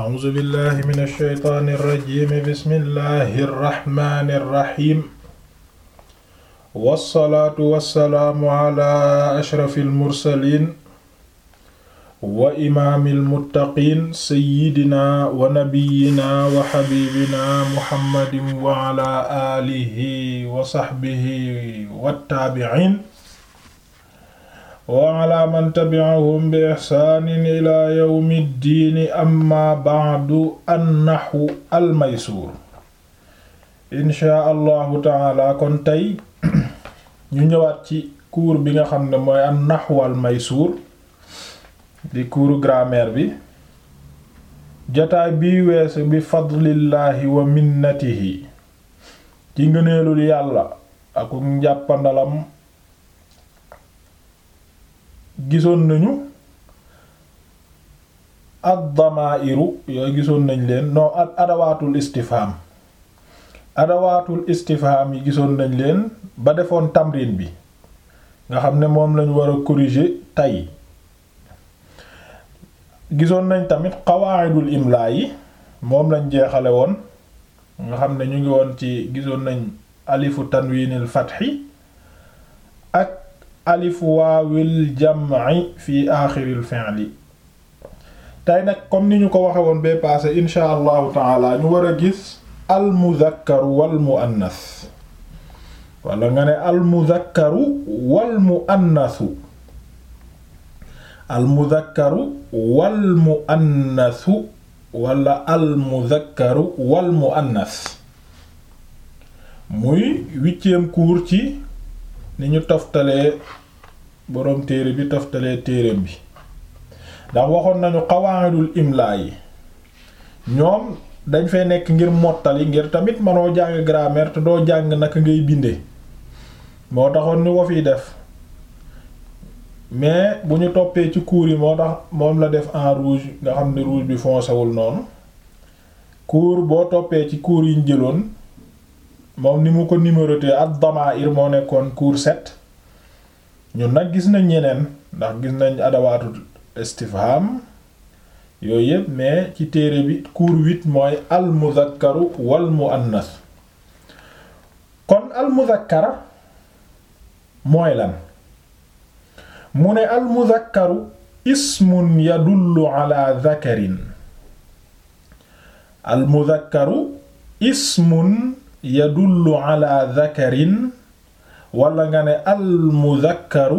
أعوذ بالله من الشيطان الرجيم بسم الله الرحمن الرحيم والصلاة والسلام على أشرف المرسلين وإمام المتقين سيدنا ونبينا وحبيبنا محمد وعلى آله وصحبه والتابعين wa ala man tabi'ahum bi ihsaanin ila yawmi ddiini amma an-nahwu al-maysûr inchaa allahu taala kon tey ñu ñëwaat ci cours bi nga xam ne mooy an-nahwu al-maysûr di cours grammaire bi jataay bii weesu bi fadlillaahi wa minnatihi ci ngëneelul yàlla ak njàppandalam gisoon nañu ad-damaa'iru yooyu gisoon nañ leen non adawaatul istifhaam adawaatul istifhaam yi gisoon nañ leen ba defoon tamrin bi nga xam ne moom lañ wara a corriger tey gisoon nañ tamit qawaa'idul imlaa yi moom lañ jeexale woon nga xam ne ñu ngi woon ci gisoon nañ alifu tanwiinil fathi ak alif waawil jam'i fi aaxiril fi'li tey nag comme ni ñu ko waxe woon bee paase insha allahu taala ñu war a gis al mudhakkaru wal muannas wala nga ne al mudhakkaru wal muannasu al muy huitième cours ci ni ñu toftalee boroom téere bi toftalee téereem bi ndax waxoon nañu qawaidul imla yi ñoom dañ fay nekk ngir mottali ngir tamit manoo jàng grammaire te doo jàng naka ngay bindee moo taxoon ni wo fiy def mais bu ñu toppee ci cours yi moo tax moom la def en rouge nga xam ne rouge bi foncé wul noonu cours boo toppee ci cours yi ñu moom ni mu ko numéroté ak damair moo nekkoon cours sept ñun nag gis na ñeneen ndax gis na adawaatul istifham yooyu yëpp mais ci téere bi cours huit mooy al mudhakkaru wal muannas kon al mooy lan mu ne al ismun yadullu ala ismun yadullu ala dhakarin wala nga ne almudhakkaru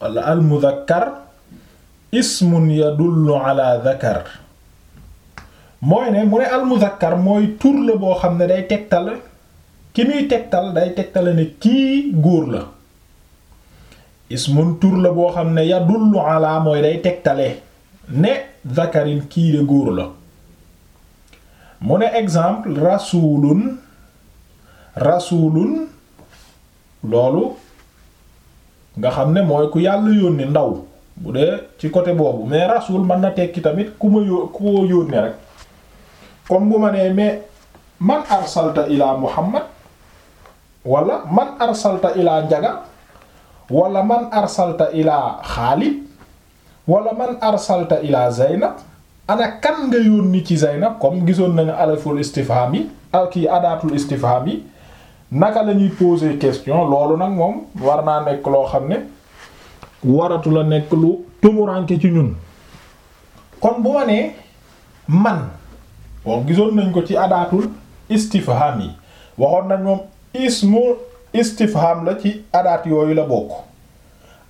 walla almudhakkar ismun yadullu ala dhakar mooy ne mu ne mooy tur boo xam ne day tegtal ki muy tegtal day tegtale ne kii góor la ismun tur la boo xam ne yadul ala mooy day tegtale ne dhakarin kii de góor la mu ne exemple rasulun rasulun loolu nga xam ne mooy ku yàlla yónni ndaw bu dee ci côté boobu mais rasul man na tekki tamit ku ma yó ku ko yónni rek comme bu ma nee mais man arsalta ila muhammad wala man arsalta ila njaga wala man arsalta ila xaalid wala man arsalta ila zaynab ana kan nga yónni ci zaynab comme gisoon nañu alaful istifham yi ak kii adaatul istifham yi naka lañuy ñuy poser loolu nag moom war naa nekk loo xam ne waratu la nekk lu tumuranke ci ñun kon bu ma nee man wax gisoon nañ ko ci adaatul istifham yi waxoon nañ moom ismu istifham la ci adaat yooyu la bokk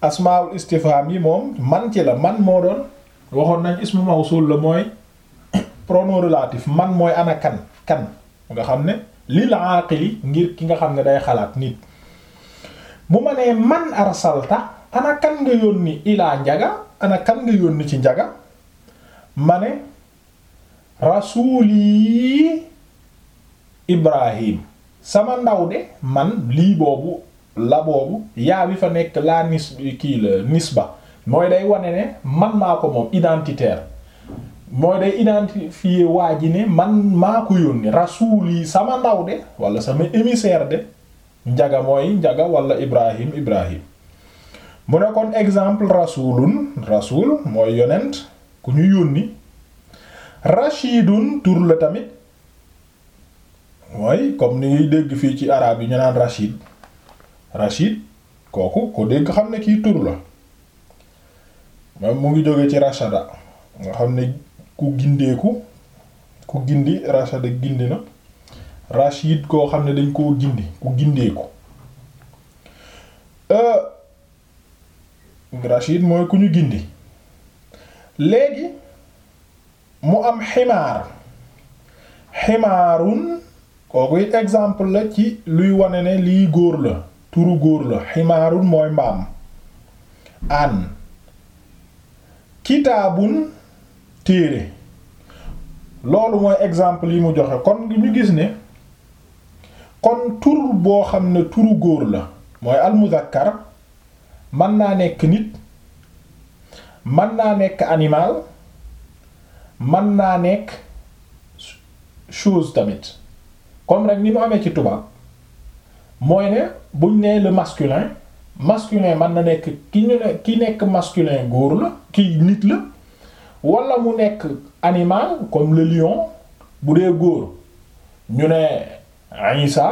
asmaul istifham yi moom man ci la man moo doon waxoon nañ ismu mawsul la mooy pronom relatif man mooy ana kan kan nga xam ne lil aaqili ngir ki nga xam ne day xalaat nit bu ma nee man arsalta ana kan nga yónni ilaa njaga ana kan nga yónni ci njaga ma ne rasuuli ibrahim sama ndaw de man lii boobu la boobu yaa bi fa nekk laa kii la nisba mooy day wane ne man maa ko moom identitaire mooy day identifier waa ji ni man maa ko yónni rasuul yi sama ndaw de wala sama émissaire de njaga mooy njaga wala ibrahim ibrahim mu ne kon exemple rasulun rasul mooy yonent ku ñu yónni rachidun tur la tamit mooy comme ni ngay dégg fii ci araab yi ñu naan rachid rachid kooku ko dégg xam ne kii tur la mu ngi jóge ci rachada nga xam ne ku gindeeku ku gindi rachada gindi na rachid koo xam ne dañ koo gindi ku gindeeku euh, rachid mooy ku ñu gindi léegi mu am ximaar ximaarun kooku it exemple la ci luy wane ne lii góor la turu góor la ximaarun mooy mbaam an kitaabun téere loolu mooy exemple yi mu joxe kon mu gis ne kon tur boo xam ne turu góor la mooy almuzakkar mën naa nekk nit mën naa nekk animal mën naa nekk chose tamit comme rek ni mu amee ci tubaab mooy ne buñ nee le masculin masculin mën na nekk ki ñu ne ki nekk masculin góor la ki nit la wala mu nekk animal comme le lion bu dee góor ñu ne Isa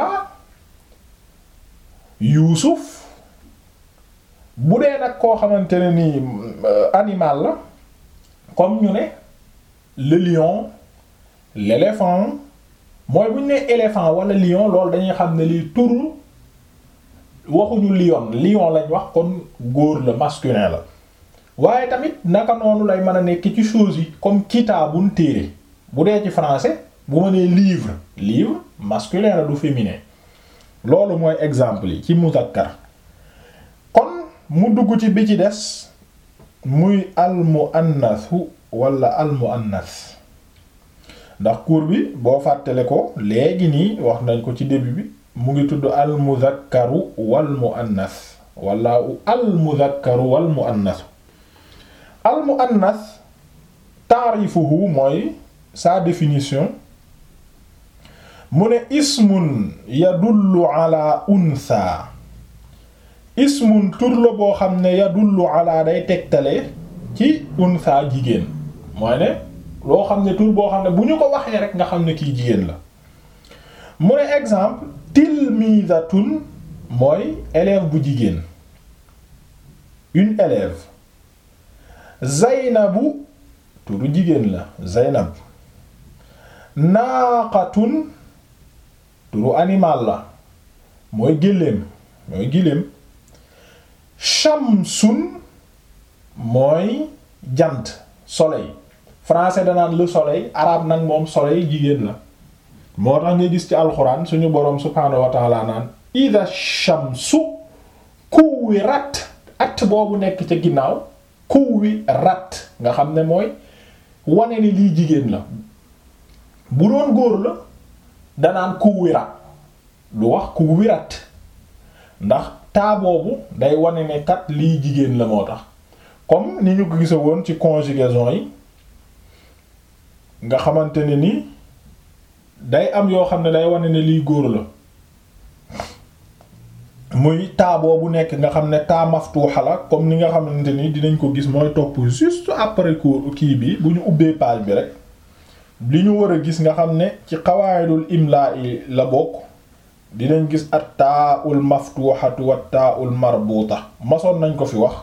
Yuusuf bu dee nag koo xamante ne nii euh, la comme ñu ne le lion l'éléphant mooy bu ñu nee éléphant wala lion loolu dañuy xam ne liy turu waxuñu lion lion lañ wax kon góor la masculin la waaye tamit naka noonu lay mën a nekk ci choses yi comme kitaabun téere bu dee ci français bu ma nee livre livre masculin la du féminin loolu mooy exemple yi ci muzakkar kon mu dugg ci bi ci des muy almuannasu walla almuannas ndax cours bi boo fàttale ko léegi nii wax nañ ko ci début bi mu ngi tudd almuzakkaru wal muannas wala almuzakkaru wal muannas al muannas taarifuhu mooy sa définition mu ne ismun yadullu ala unsa ismun tur boo xam ne yadullu ala day tegtale ci saa jigéen mooy ne loo xam ne tur boo xam ne bu ñu ko waxee rek nga xam ne kii jigéen la mu ne exemple tilmidatun mooy élève bu jigéen une élève zaynabu turu jigéen la zaynab naaqatun turu animal la mooy gëléem mooy gëléem shamsun mooy jant soleil français danaan le soleil arabe nag moom soleil jigéen la moo tax nga gis ci alxuraan suñu boroom subhaanahu wa naan ida shamsu kuwirat at boobu nekk ca ginnaaw kuwwi rat nga xam ne mooy wane ni lii jigéen la bu doon góor la danaan kuwwi rat lu wax kuwwi rat ndax taa boobu day wane ne kat lii jigéen la moo tax comme ni ñu gisa woon ci conjugaison yi nga xamante ne nii day am yoo xam ne day wane ne lii góor la muy taa bu nekk nga xam ne taa maftuuxa la comme ni nga xamante nii dinañ ko gis mooy topp juste après cours kii bi bu ñu ubbee page bi rek li ñu war a gis nga xam ne ci qawaidul imla yi la bokk dinañ gis at taa ul maftuuxatu wa taa ul marbuuta masoon nañ ko fi wax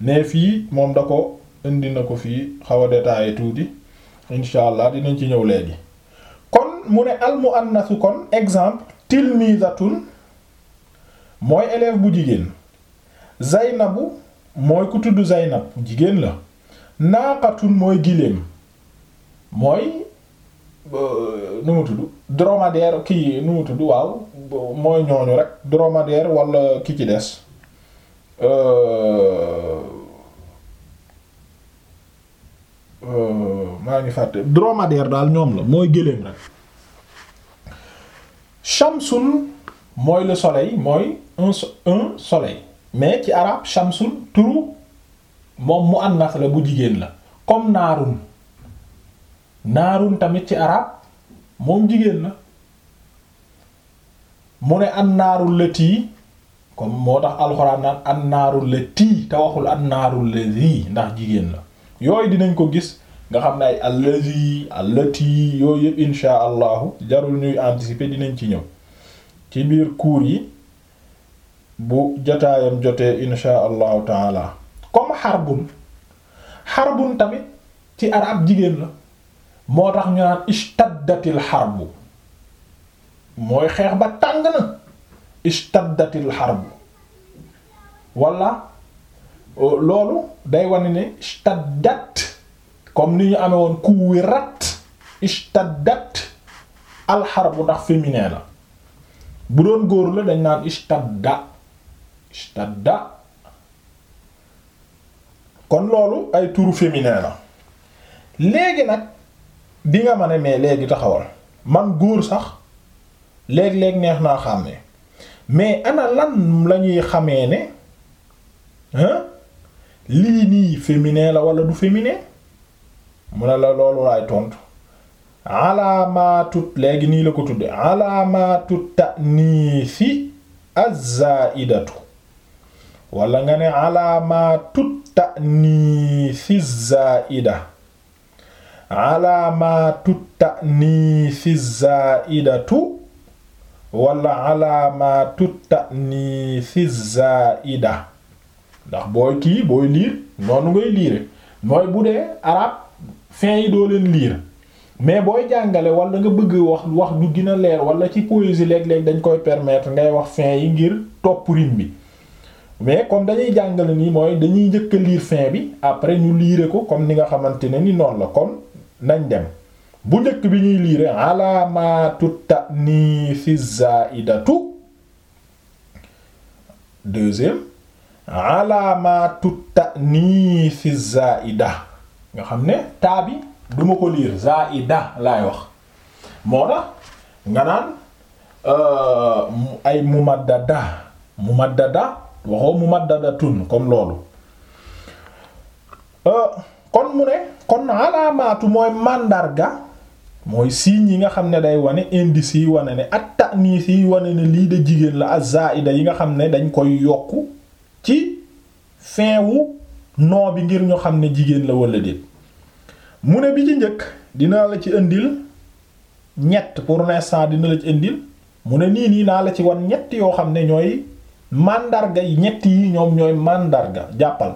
ne fii moom da ko indi na ko fii xaw a tuuti incha allah dinañ ci ñëw léegi kon mu ne al kon exemple tilmizatun mooy élève bu jigéen zaynabu mooy ku tudd zaynab jigéen la naaqatun mooy giléem mooy euh, nu mu tudd dromadaire kii nu mu tudd waaw mooy ñooñu rek dromadaire walla ki ci des euh, euh, maa ngi fàtte dromadaire daal ñoom la mooy gëléem rek shamsun mooy le soleil mooy un soleil mais ci arab shamsun turu moom mu annas bu jigéen la comme naarun naarun tamit ci arab moom jigéen la mu ne an naarul la tii comme moo tax alxuraan naan an naarul la tii te waxul an la zi ndax jigéen la yooyu dinañ ko gis nga xam ne ay allazi allati yooyu yëpp insha allahu jarul ñuy anticiper dinañ ci ñëw ci biir cours yi bu jotaayam jotee insha allahu taala comme xarbun xarbun tamit ci arab jigéen la moo tax ñu naan istaddatil xarbu mooy xeex ba tàng na istaddatil xarbu wala euh, loolu day wane ne istaddat comme ni ñu amee woon kuwi rat istaddat alxarbu ndax féminin la bu doon góor la dañ naan istadda stadda kon loolu ay turu féminin la léegi nag bi nga ma ne mais léegi taxawal man góor sax léeg-léeg neex naa xàmmee mais ana lan la ñuy xamee ne hein lii nii féminin la wala du féminin mu ne la loolu laay tontu alaamatut léegi nii la ko tudde alaamatut ta'niisi az-zaa'idatu wala nga ne si alaamatut ta'niisi zaa'ida alaamatut ta'niisi zaa'idatu wala si ta'niisi ida ndax booy kii booy liir noonu ngay liire mooy bu dee arab fin yi doo leen liir mais booy jàngale walla nga bëgg wax wax du gën leer wala ci poésie léeg-léeg dañ koy permetre ngay wax fin yi ngir topp rim bi mais kon dañuy jàngale nii mooy dañuy njëkk a liir fin bi après ñu liire ko kon ni nga xamante ne ni noonu la kon nañ dem bu njëkk bi ñuy liire alaamatu ta'nifi zaidatu deuxième alaamatu ta'nifi zaida nga xam ne taa bi duma ko liir zaida laay wax moo tax nga naan euh, ay mumaddada mumaddada waxoo mumaddadatun comme loolu euh, kon mu ne kon alaamaatu mooy màndarga mooy signes yi nga xam ne day wane indice yi wane ne ak ta'niis yi wane ne lii de jigéen la ak azzaida yi nga xam ne dañ koy yokku ci fin wu noo bi ngir ñu xam ne jigéen la wala déet mu ne bi ci njëkk dinaa la ci indil ñett pour l'instant dina la ci indil mu ne nii nii naa la ci wan ñett yoo xam ne ñooy màndarga yi ñett yi ñoom ñooy mandarga jàppal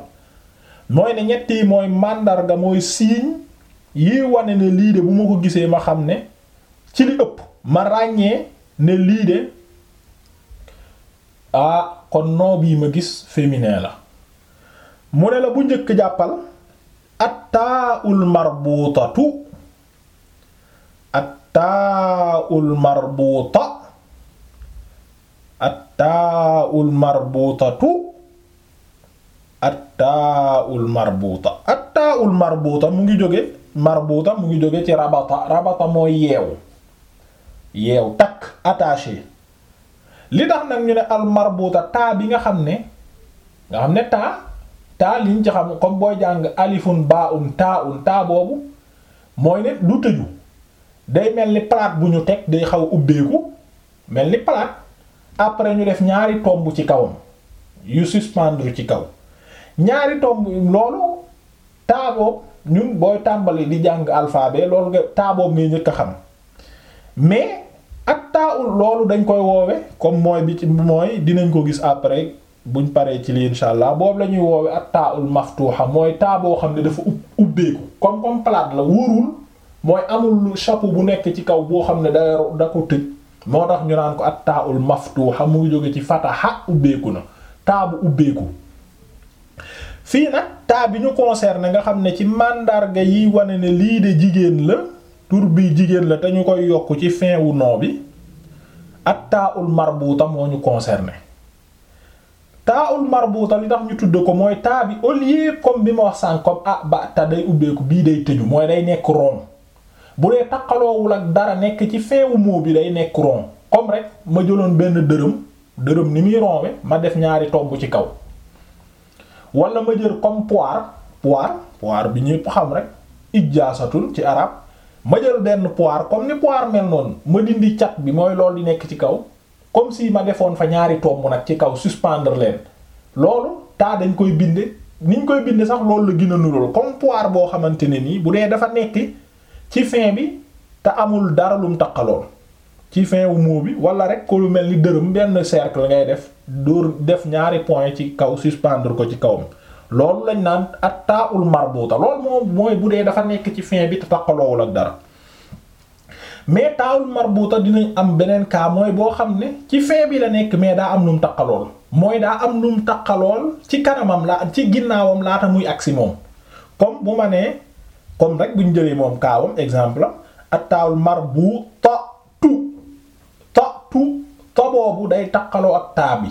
mooy ne ñett yi mooy mandarga mooy signe yi wane ne lii de bu ma ko gisee ma xam ne ci li ëpp ma ràññee ne lii de ah kon nom yi ma gis féminin la mu ne la bu njëkk jàppal attaa ul marbuutatu attaa ul marbuuta attaa'ul marbutatu attaa'ul marbuta attaa'ul marbuta mu ngi jóge marbuta mu ngi jóge ci rabata rabata mooy yeew yeew takk attaché li tax nag ñu ne al marbuta taa bi nga xam ne nga xam ne taa taa liñ ci xam comme booy jàng alifun baun taaun taa boobu mooy ne du tëju day mel ni palaat bu ñu teg day xaw ubbeeku mel ni palaat après ñu def ñaari tomb ci kawam yu suspendre ci kaw ñaari tomb loolu taaboob ñun booy tàmbali di jàng alfaabe loolu nga taaboob ngay njëkk a xam mais ak taaul loolu dañ koy woowe comme mooy bi ci mooy dinañ ko gis après buñ paree ci li insha allah boobu la ñuy woowe ak taaul maftuha mooy taaboo xam ne dafa ub ubbeeku comme comme plate la wóorul mooy amul chapeau bu nekk ci kaw boo xam ne da da ko tëj moo tax ñu naan ko at taa ul maftuha mu ngi jóge ci fataha ubbeeku na taa bu ubbeeku fii nag taa bi ñu concerné nga xam ne ci màndarga yi wane ne lii de jigéen la tur bi jigéen la dañu koy yokk ci fin wu nom bi ak taa ul marbuuta moo ñu concerné taa ul marbuuta li tax ñu tudd ko mooy taa bi au comme bi ma wax sànq comme ah ba ta day ubbeeku bii day tëju mooy day nekk rond. bu dee taqaloowul ak dara nekk ci feewu moo bi day nekk rond comme rek ma jëloon benn dërëm dërëm ni muy rombe ma def ñaari togg ci kaw wala ma jël comme poire poire poire bi ñëpp xam rek ijaasatul ci arab ma jël benn poire comme ni poire mel noonu ma dindi cat bi mooy lool di nekk ci kaw comme si ma defoon fa ñaari tomb nag ci kaw suspendre leen loolu taa dañ koy binde niñ koy binde sax loolu la gën a nurool comme poire boo xamante ne nii bu dee dafa nekk ci fin bi te amul dara lu mu ci fin wu moo bi wala rek lu mel ni dërëm benn cercle ngay def dóor def ñaari point ci kaw suspendre ko ci kawam loolu lañ naan at taa ul marbuuta loolu moom mooy bu dee dafa nekk ci fin bi te taqaloowul ak dara mais taawul marbuuta dinañ am beneen cas mooy boo xam ne ci fin bi la nekk mais daa am lu mu taqalool mooy daa am lu mu taqalool ci kanamam la ci ginnaawam laata muy agsi moom comme bu ma nee comme rek bu ñu jëlee moom kaawam exemple am attaawl marbu ta tu to tu ta boobu day taqaloo ak taa bi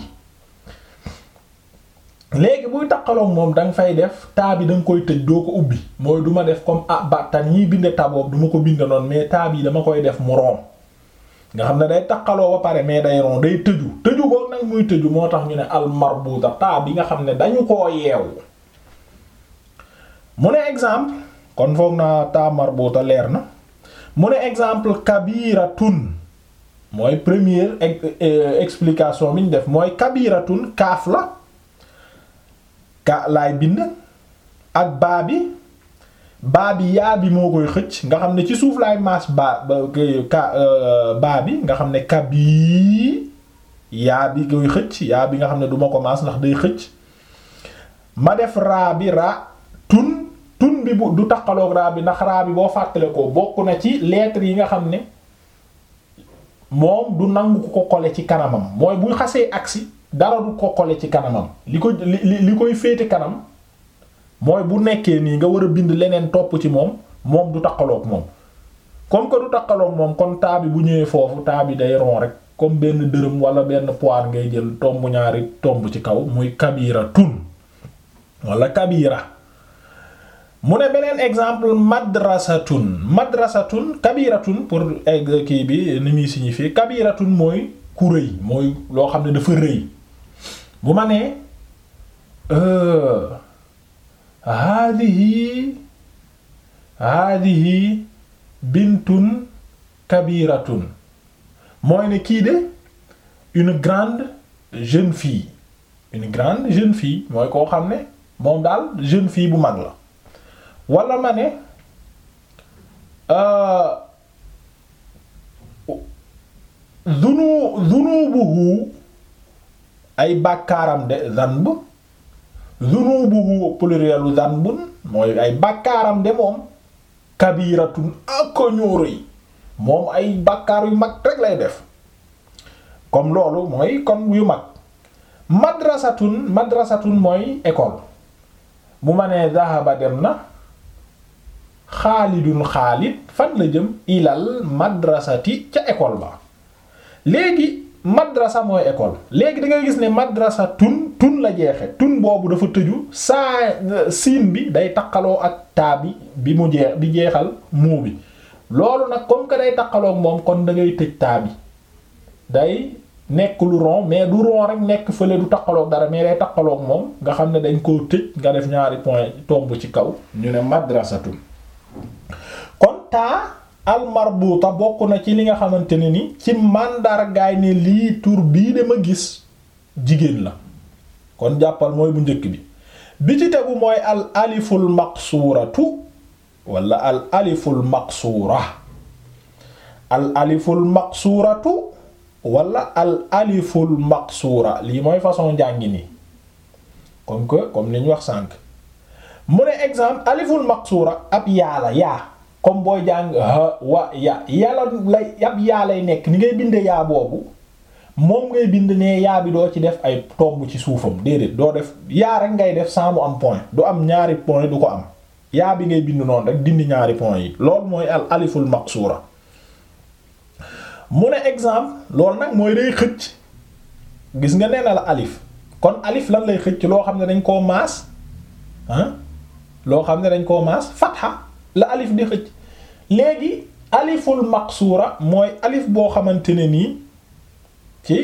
léegi buy taqaloo moom da fay def taa bi da nga koy tëj doo ko ubbi mooy du ma def comme ah bàttan ñiy binde ta boobu ko binde noonu mais taab yi dama koy def moroom nga xam ne day taqaloo ba pare mais day ron day tëju tëju ko nag muy tëju moo tax ñu ne al marbuta taa bi nga xam ne dañu koo yeewu mu ne exemple kon foog naa taamar boota leer na mu ne exemple kabiratun mooy première euh, explication bi ñu def mooy kabiratun kaaf la ka laay bind ak baa bi baa bi yaa bi moo koy xëcc nga xam ne ci suuf laay maas baa ka euh, baa bi nga xam ne kabi yaa bi koy xëcc yaa bi nga xam ne duma ma ko maas ndax day xëcc ma def raa bi ra tun tun bi bu du taqaloog raa bi ndax raa bi boo fàttale ko bokk na ci lettres yi nga xam ne moom du nangu ko kole ci kanamam mooy bu xasee agsi dara du ko kole ci kanamam li ko li li koy féete kanam mooy bu nekkee nii nga war a bind leneen topp ci moom moom du taqaloog moom que du taqaloog moom kon taa bi bu ñëwee foofu taa bi day ron rek comme benn dërëm wala benn poire ngay jël tomb ñaari tomb ci kaw muy kabira tun wala kabira mu ne beneen exemple madrasatun madrasatun kabiratun pour egg kii bi ni muy signifie kabiratun mooy ku rëy mooy loo xam ne dafa rëy bu ma nee euh, haadihi haadihi bintun kabiratun mooy ne kii de une grande jeune fille une grande jeune fille mooy koo xam ne moom daal jeune fille bu mag la wala ma ne euh, zunu zunubuhu ay bàkkaaram de zanb zunubuhu plurielu zanbun mooy ay bàkkaaram de moom kabiratun akoñóoro yi moom ay bàkkaar yu mag rek lay def comme loolu mooy kon yu mag madrasatun madrasatun mooy école bu ma nee zahaba dem na xaalidun xaalid fan la jëm ilal madrasati ca école ba léegi madrasa mooy école léegi da ngay gis ne madrasa tun tun la jeexe tun boobu dafa tëju saa siin bi day taqaloo ak taa bi bi mu jeex bi jeexal muu bi loolu nag comme que day taqaloo ak moom kon da ngay tëj taa bi day nekk lu ron mais du rond rek nekk fële du taqaloo ak dara mais day taqaloo ak moom nga xam ne dañ koo tëj nga def ñaari point tomb ci kaw ñu ne madrasa tun taa almarbuuta bokk na ci li nga xamante ne ni ci màndargaay ne lii tur bii dama gis jigéen la kon jàppal mooy bu njëkk bi bi ci tegu mooy al aliful maqsuuratu wala al aliful maqsuura wala al aliful maqsuura lii mooy façon njàngi nii comme que comme ni wax sànq mu ne exemple aliful maqsuura ab yaa la yaa comme booy jàng ha wa ya yàlla lay yab yaa lay nekk ni ngay binde yaa boobu moom ngay bind ne yaa bi doo ci def ay tomb ci suufam déedéet doo def yaa rek ngay def sans mu am point du am ñaari point du ko am yaa bi ngay bind noonu rek dindi ñaari point yi lool mooy al aliful maqsura mu ne exemple loolu nag mooy day xëcc gis nga nee na la alif kon alif lan lay xëcc loo xam ne dañ koo maas ah? loo xam ne dañ koo maas fatha la alif di xëcc léegi aliful maqsuura mooy alif boo xamante ne nii ci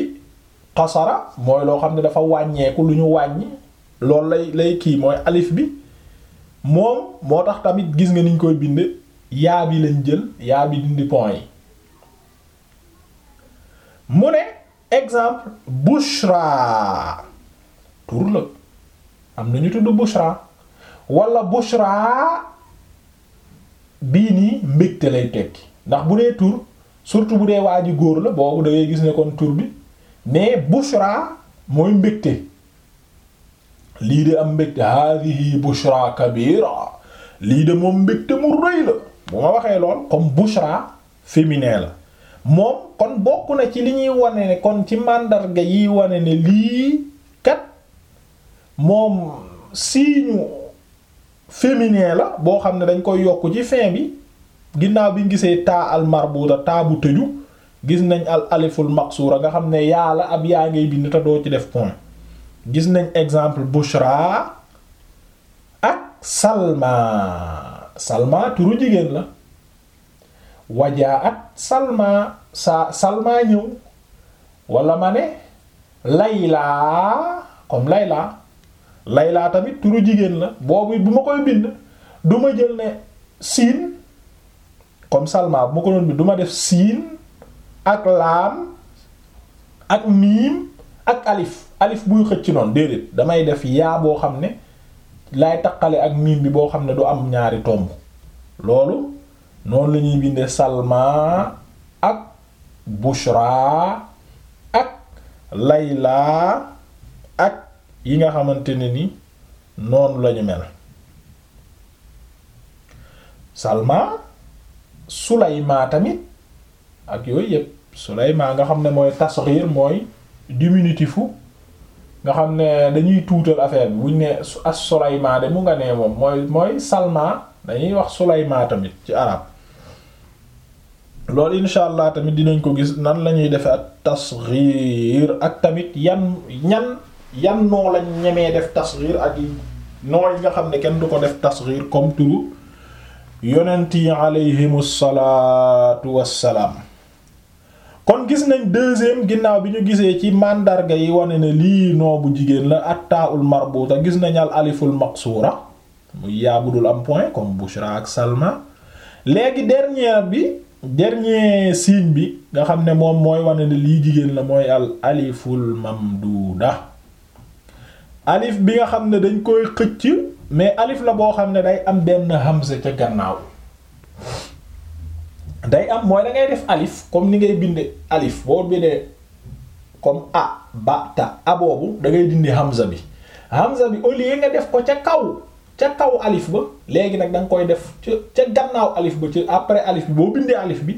xasara mooy loo xam ne dafa wàññeeku lu ñu wàññi loolu lay lay kii mooy alif bi moom moo tax tamit gis nga niñ koy bind yaa bi lañ jël yaa bi dindi point yi mu ne exemple bushra tur la am na ñu tudd bushra walla bushra bii nii mbégte lay tekki ndax bu dee tur surtout bu dee waa ji góor la boobu da gis ne kon tur bi mais bushra mooy mbégte lii de am mbégte hadihi bushra kabira lii de moom mbégte mu rëy la bu ma waxee lool comme bushra féminin la moom kon bokk na ci li ñuy wane ne kon ci màndarga yi wane ne lii kat moom siiñu féminin la boo xam ne dañ koy yokk ci fin bi ginnaaw bi ñu gisee taa al marbuuta taa bu tëju gis nañ al aliful maqsuura nga xam ne yaa ab yaa ngay bind te doo ci def point gis nañ exemple Bushra ak Salma Salma turu jigéen la wajaa ak Salma sa Salma ñëw wala ma ne Layla comme Layla. laylaa tamit turu jigéen la boobu bu ma koy bind du ma jël ne siin comme Salma bu ma ko doon bind du ma def siin ak laam ak miim ak alif alif buy xëcc noonu déedéet damay def yaa boo xam ne laay taqale ak miim bi boo xam ne du am ñaari tomb loolu noonu lañuy ñuy bindee Salma ak Bushra ak Layla yi nga xamante ne ni noonu lañu mel Salma Sulayma tamit ak yooyu yëpp Sulayma nga xam ne mooy tasghir mooy diminutif nga xam ne dañuy tuutal affaire bi buñ ne as Sulayma de mu nga nee moom mooy mooy Salma dañuy wax Sulayma tamit ci arab loolu insha allah tamit dinañ ko gis nan lañuy defe ak tasghir ak tamit yan ñan yan noo lañ ñemee def tasghir ak noo yi nga xam ne kenn du ko def tasghir comme turu yonent yi aleyhimu salaatu wassalaam kon gis nañ deuxième ginnaaw bi ñu gisee ci màndarga yi wane na lii noo bu jigéen la attaul marbuta gis nañ al aliful maqsura muy yaabudul am point comme Bushra ak Salma léegi dernière bi dernier signe bi nga xam ne moom mooy wane ne lii jigéen la mooy al aliful mamduda alif bi nga xam ne dañ koy xëcc mais alif la boo xam ne day am benn hamza ca gannaaw day am mooy da ngay def alif comme ni ngay binde alif boo bindee comme a ba ta a boobu da ngay dindi hamza bi hamza bi au lieu nga def ko ca kaw ca kaw alif ba léegi nag da koy def ca gannaaw alif ba ci après alif bi boo bindee alif bi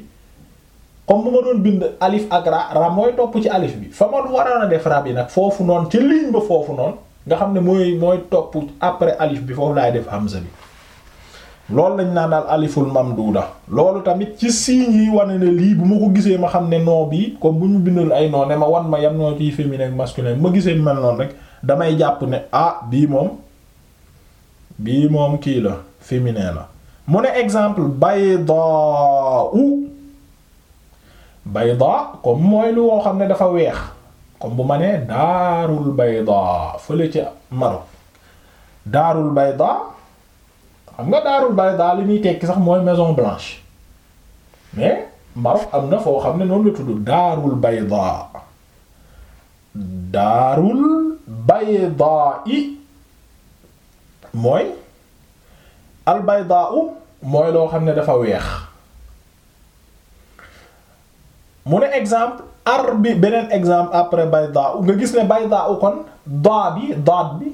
comme bu ma doon bind alif ak ra ra mooy topp ci alif bi fa ma waroon a def ra bi nag foofu noonu ci ligne ba foofu noonu nga xam ne mooy mooy topp après alif bi foofu laay def hamza bi loolu lañ naa daal aliful mamduda loolu tamit ci signes yi wane ne lii bu ma ko gisee ma xam ne noo bi comme bu ñu bindul ay noo ma wan ma yam noo ciy féminin ma gisee man noonu rek damay jàpp ne ah bii moom bii moom kii la féminin la mu ne exemple bayda u bayda comme mooy lu woo xam ne dafa weex comme bu ma nee daarul bayda fële ca Maroc daarul bayda xam nga daarul bayda li ñuy tekki sax mooy maison blanche mais Maroc am na foo xam ne noonu la tudd daarul bayda daarul bayda i mooy al bayda u mooy loo xam ne dafa weex mu ne exemple arbi beneen exemple après bayda u nga gis ne bayda u kon daa bi daat bi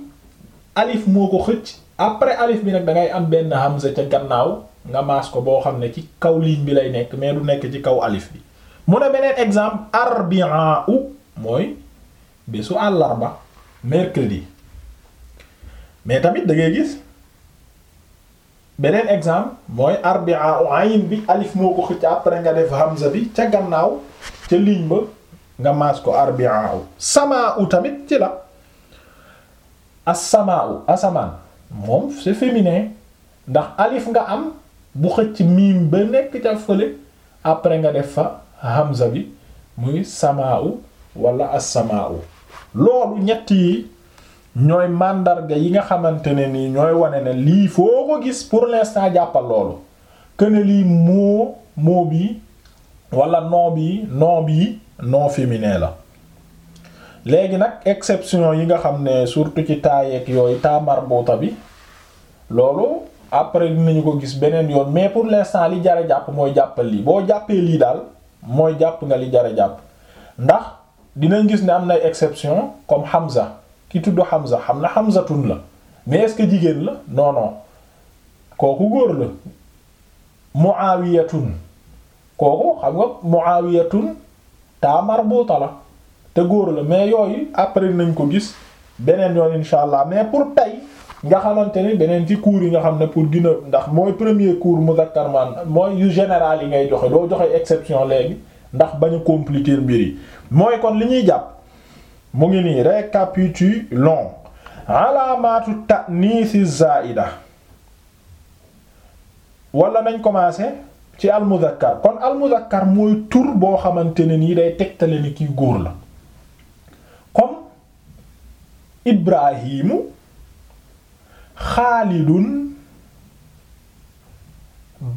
alif moo ko xëcc après alif bi nag da ngay am benn hamza ca gannaaw nga maas ko boo xam ne ci kaw ligne bi lay nekk mais du nekk ci kaw alif bi mu ne beneen exemple arbia u mooy bésu àllarba mercredi mais tamit da ngay gis beneen exemple mooy arbia u ayin bi alif moo ko xëcc après nga def hamza bi ca gannaaw ca ligne ba nga maas ko arbi'u samaa u tamit ci la as u asamaan moom c'est féminin ndax alif nga am bu xëcc miim ba nekk ca fële après nga def fa hamza bi muy samaa u wala as-samaa u loolu ñett ñooy màndarga yi nga xamante ne nii ñooy wane na lii foo ko gis pour l'instant jàppal loolu que lii moo moo bi wala non bi non bii non féminin la léegi nag exception yi nga xam ne surtout ci taayeeg yooyu taa marbuuta bi loolu après dinañu ko gis beneen yoon mais pour l'instant li jara jàpp mooy jàppal lii boo jàppee lii daal mooy jàpp nga li jara jàpp ndax dinañ gis ne am na exception comme Hamza ki tudd Hamza xam na Hamzatun la mais est-ce que jigéen la non kooku góor la Muawiyatun kooku xam nga muawiyatun ta marbuta bootala te góor la mais yooyu après nañ ko gis beneen yoon insha allah mais pour tey nga xamante ni beneen ci cours yi nga xam ne pour gën a ndax mooy premier cours muzakkar man mooy yu général yi ngay joxe doo joxe exception léegi ndax bañu a compliquer mbir yi mooy kon li ñuy jàpp mu ngi nii récapitulons alaamatu ta'nisi zaida wala nañ commencer ci almuzakkar kon almuzakkar mooy tur boo xamante ne nii day tegtale ni ki góor la comme ibrahimu xaalidun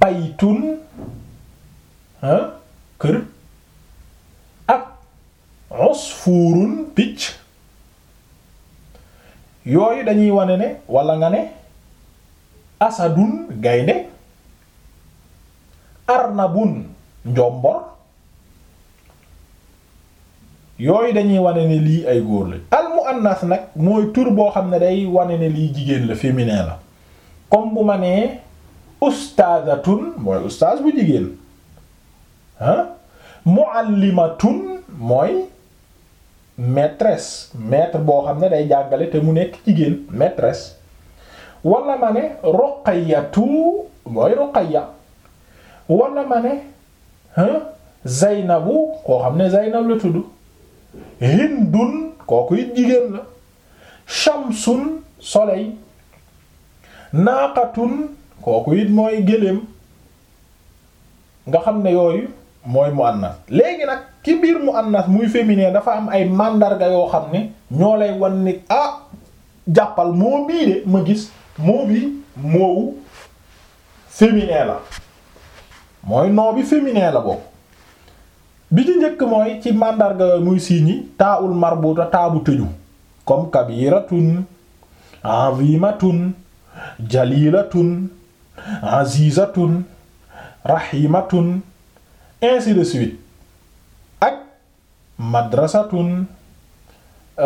baytun hein kër ak usfurun picc yooyu dañuy wane ne wala nga ne asadun gaynde arnabun njombor yooyu dañuy wane ne lii ay góor la al muannas nag mooy tur boo xam ne day wane ne lii jigéen la féminin la comme bu ma nee ustaazatun mooy ustaaz bu jigéen mu muallimatun mooy maîtresse maître boo xam ne day jàngale te mu nekk jigéen maîtresse wala ma ne ruqayyatu mooy ruqayya wala ma ne zaynabu koo xam ne zaynab la tudd hindun kooku it jigéen la shamsun soleil naaqatun kooku it mooy gëléem nga xam ne yooyu mooy muannas léegi nag ki biir mu muannas muy féminin dafa am ay màndarga yoo xam ne ñoo lay wan ni ah jàppal moo bii de ma gis moo bii moowu féminin la mooy noo bi féminin la bokk bi ci njëkk mooy ci màndarga muy siñi taaul marbuta taabu tëju comme kabiratun azimatun jalilatun azizatun rahimatun ainsi de suite ak madrasatun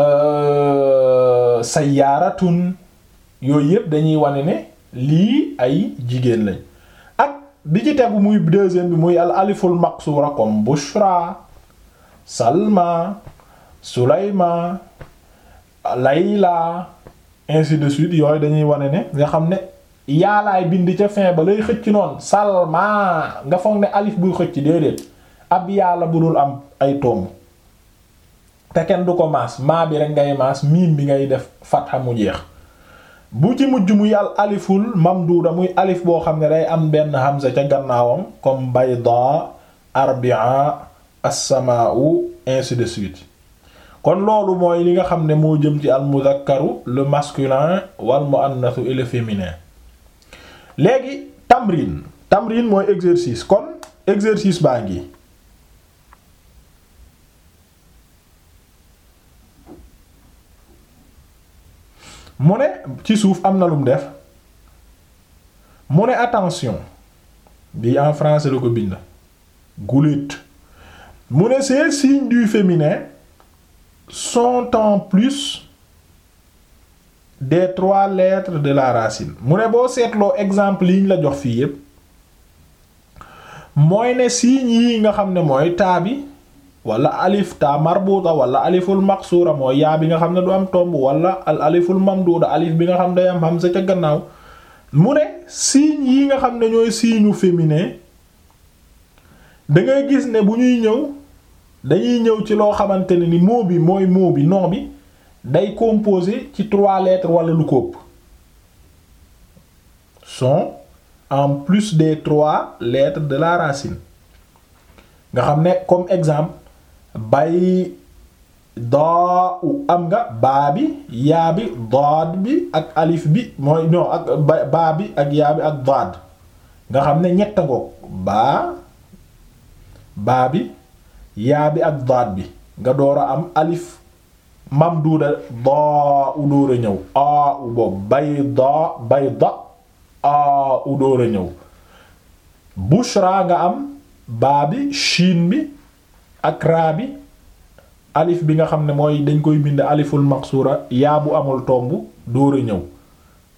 euh, sayaaratun yooyu yëpp dañuy wane ne lii ay jigéen lañ bi ci tegu muy deuxième bi muy al aliful maqsuura comme Bushra Salma Sulayma Layla ainsi de suite yooyu dañuy wane ne nga xam ne yaalaay bind ca fin ba lay xëcc noonu Salma nga foog ne alif buy xëcc déedéet ab yàlla bu dul am ay tomb te kenn du ko maas maa bi rek ngay maas miim bi ngay def fatha mu jeex bu ci mujj muy al aliful mamduuda muy alif boo xam ne day am benn hamza ca gannaawam comme bayda arbia asamaau ainsi de suite kon loolu mooy li nga xam ne moo jëm ci al mudhakkaru le masculin wal muannasu et le féminin léegi tamrin tamrin mooy exercice kon exercice baa ngi mu ne ci suuf am na lum def mu ne attention bi en français la ko bind guléet mu ne ces signes du féminin sont en plus des trois lettres de la racine mu ne boo seetloo exemple yiñ la jox fii yépp mooy ne signes yi nga xam ne mooy taa bi wala alif ta marbuta wala aliful maqsuura mooy yaa bi nga xam ne du am tomb wala al aliful mamduuda alif bi nga xam ne day am hamza ca gannaaw mu ne signes yi nga xam ne ñooy signe féminin da ngay gis ne bu ñuy ñëw dañuy ñëw ci loo xamante ne ni moo bi mooy moo bi nom bi day composé ci trois lettres wala lu ko ëpp en plus des trois lettres de la racine nga xam ne comme exemple bay daa u am nga baa bi yaa daad bi ak alif bi mooy non ak baa bi ak yaa ak daad nga xam ne ñett ngoog baa baa bi yaa ak daad bi nga door a am alif mamduuda daa u dóor a ñëw aa u boobu nga am baa bi shiin bi ak raa bi alif bi nga xam ne mooy dañ koy bind aliful maqsura yaa bu amul tomb dóor ñëw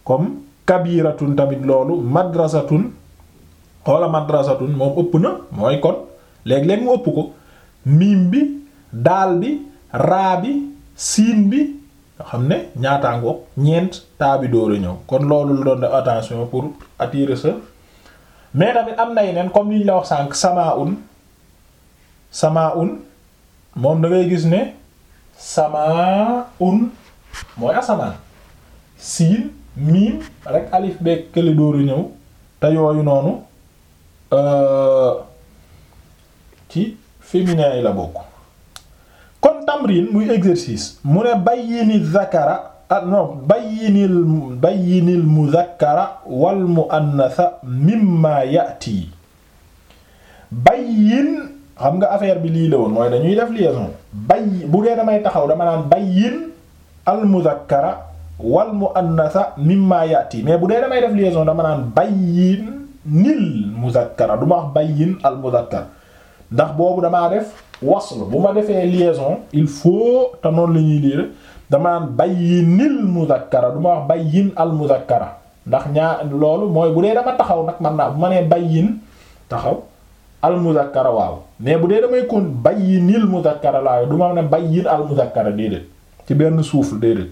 comme kabiratun tamit loolu madrasatun xoola madrasatun moom ëpp na mooy kon léeg-léeg mu ëpp ko miim bi daal bi raa bi siin bi nga xam ne ñaataangoog ñeent taa bi dóor ñëw kon loolu la doon def attention pour attirer sa mais tamit am na yeneen comme yi la wax sànq samaun sama un moom da gis ne sama un mooy asamaan siin miim rek alif beeg kële dóoru ñëw te yooyu noonu euh, ci féminin yi la bokk kon tamrin muy exercice mu ne bayyini zakara ah non bayyinil bayyinil muzakkara wal mimma yati bayyin xam nga affaire bi lii la woon mooy dañuy def liaison bay bu dee damay taxaw dama naan bayyin al muzakkara wal muannasa mimma yati mais bu dee damay def lieson dama naan bayyin nil muzakkara du ma wax bayyin al ndax boobu damaa def wasl bu ma defee liaison il faut te noonu la ñuy liire dama naan bayyinil muzakkara du ma wax bayyin al muzakkara ndax ñaa loolu mooy bu dee dama taxaw nag man naa bu ma nee bayyin taxaw al muzakkara waaw mais bu dee damay kon bayyinil muzakkara laa du ma am ne bayyin al muzakkara déedéet ci benn suuf déedéet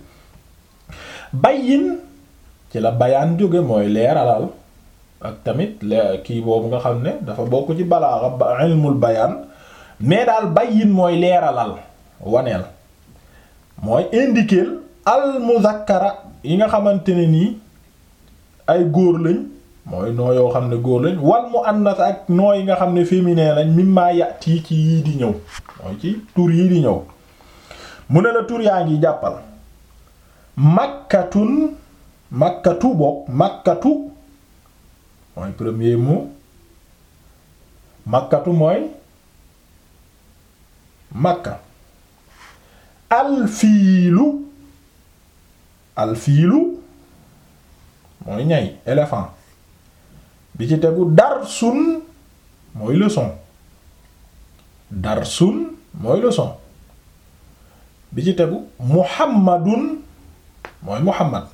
bayyin ci la bayaan jóge mooy leeralal ak tamit le kii boobu nga xam ne dafa bokk ci balaaxa ilmul bayaan mais daal bayyin mooy leeralal waneel mooy indiquer al muzakkara yi nga xamante ne nii ay góor lañ mooy noo xam ne góor lañ wal mu annas ak noo yi nga xam ne féminin lañ mimma yati ci yii di ñëw mooy ci tur yii di ñëw mu ne la tur yaa ngi jàppal makkatun makkatu boog makkatu mooy premier mot makkatu mooy makka alfiilu alfiilu mooy ñay éléphant bi ci tegu darsun mooy leçon darsun mooy leçon bi ci tegu muhammadun mooy muhammad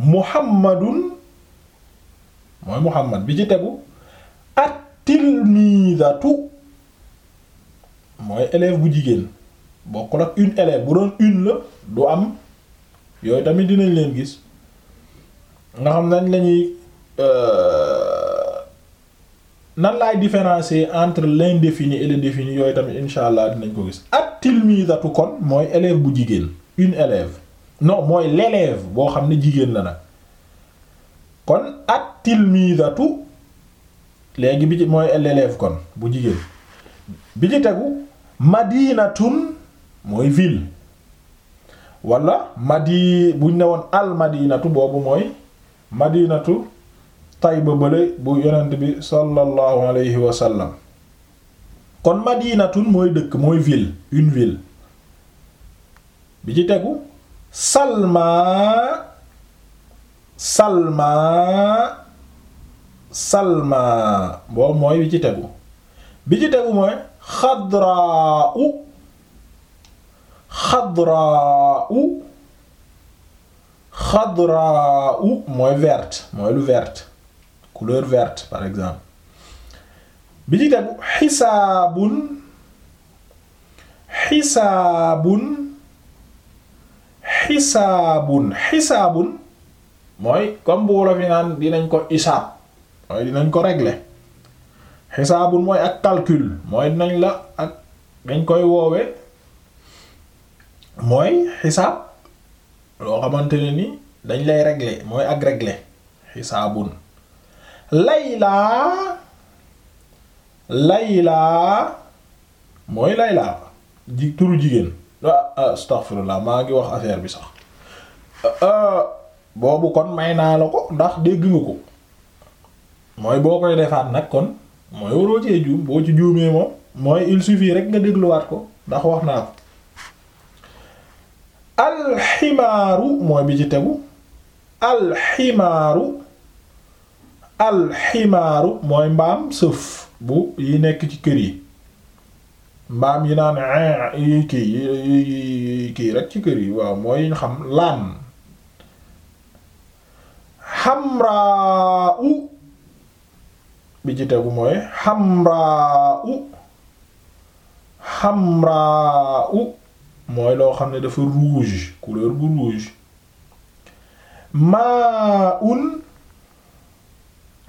muhammadun mooy muhammad bi ci tegu at-tilmizatu mooy élève bu jigéen bokkul ak une élève bu doon une la du am yooyu tamit dinañ leen gis nga xam nañ lañuy Euh, nan laay différencier entre l'indéfini et le défini yooyu tamit insha allah dinañ ko gis at tilmisatu kon mooy élève bu jigéen une élève non mooy l'élève boo xam ne jigéen la nag kon at tilmisatu léegi bi ci mooy l'élève kon bu jigéen bi ñu tegu madinatun mooy ville wala madi buñ ne woon al madinatu boobu mooy madinatu Tayba bële bu yonent bi sallallahu alayhi wa kon madinatun mooy dëkk mooy ville une ville bi ci tegu salma salma salma boobu mooy bi ci tegu bi ci tegu mooy xadraa u xadraa u xadraa u mooy verte mooy lu verte couleur vert par exemple bi ci tegu xisaabun xisaabun xisaabun xisaabun mooy comme bu wolof yi naan dinañ ko isaab mooy dinañ ko régler xisaabun mooy ak calcul mooy dinañ la ak dañ koy woowe mooy xisaab loo xamante ne ni dañ lay régler mooy ak régler xisaabun laylaa laylaa mooy laylaa ji turu jigéen ah, ah, astaghfirullah maa ngi wax affaire bi sax ah, boobu kon may naa la ko ndax dégg nga ko mooy boo koy defaat nag kon mooy waroo cee juum boo ci juumee moom mooy il suffit rek nga dégluwaat ko ndax wax naa ko alximaaru mooy bi ci tegu alximaaru alximaaru mooy mbaam sëf bu yi nekk ci kër yi mbaam yi naan yi kii kii rek ci kër yi waaw mooy xam laan xamraa u bi ci tegu mooy xamraa u xamraa u mooy loo xam ne dafa rouge couleur bu rouge maa un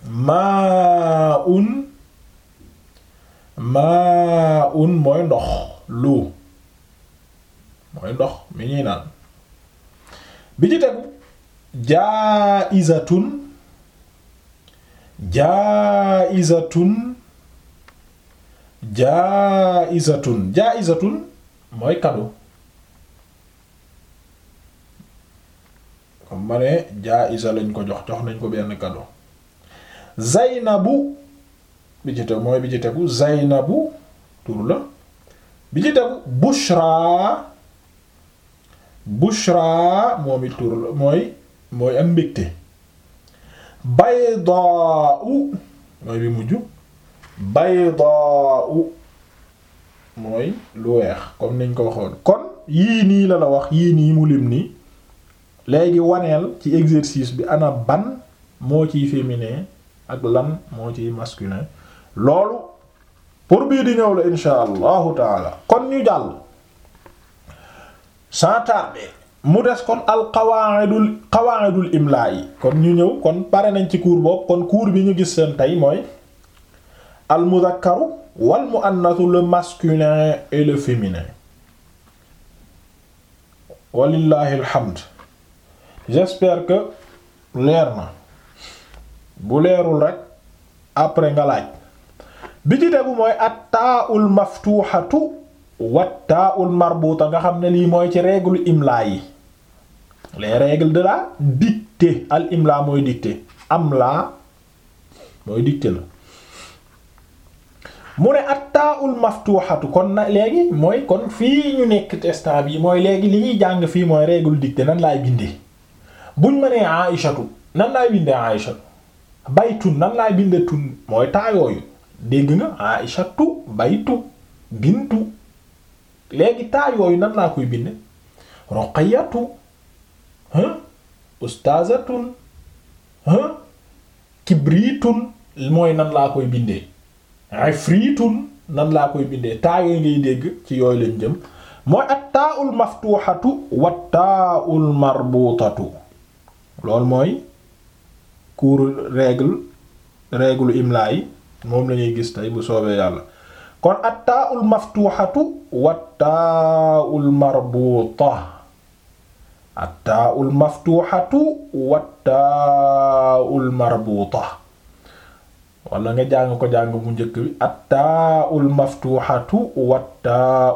maa un maa un mooy ndox lu mooy ndox mi ñuy naan bi ci tegu jaa'izatun jaa'izatun jaa'izatun jaa'izatun mooy cadeau comme ma ne jaa'iza lañ ko jox jox nañ ko benn cadeau Zaynabu bi ci tegu mooy bi ci tegu Zaynabu tur la bi ci tegu Bushra Bushra moom it tur la mooy mooy am mbégte Baydaa'u mooy bi mujj Baydaa'u mooy lu weex comme niñ ko waxoon kon yii nii la la wax yii nii mu lim nii léegi waneel ci exercice bi ana ban moo ciy féminin ak lan moo ci masculin loolu pour bii di ñëw la insha allahu taala kon ñu jàll sans tarder mu des kon al qawaidul qawaidul imla yi kon ñu ñëw kon pare nañ ci cours boobu kon cours bi ñu gis seen tey mooy al mudhakkaru wal muannasu le masculin et le féminin walillahi alhamd j'espère que leer na bu leerul rek après nga laaj bi ci tegu mooy at taa ul maftuuxatu wat taa ul marbuuta nga xam ne lii mooy ci règle imla yi les règles de la al imla mooy dictée am laa mooy dictée la mu ne at taa ul maftuuxatu kon na léegi mooy kon fii ñu nekk testant bi mooy léegi li ñuy jàng fii mooy règle dictée nan laay bindee buñ ma nee aïchatu nan laay bindee aïchatu baytun nan laay binde tun mooy taayooyu dégg nga aishatu baytu bintu léegi taayooyu nan laa koy binde ruqayatu hein ustazatun hein kibritun mooy nan laa koy bindee ifritun nan laa koy bindee taa yooyu ngay dégg ci yooyu lañ jëm mooy at taa ul maftuhatu wat loolu mooy cours règle règle imla moom la gis tey bu soobee yàlla kon attaa ul maftuhatu wattaa ul marbuta attaa ul maftuhatu wattaa ul marbuta wala nga jàng ko jàng bu njëkk bi attaa ul maftuhatu wattaa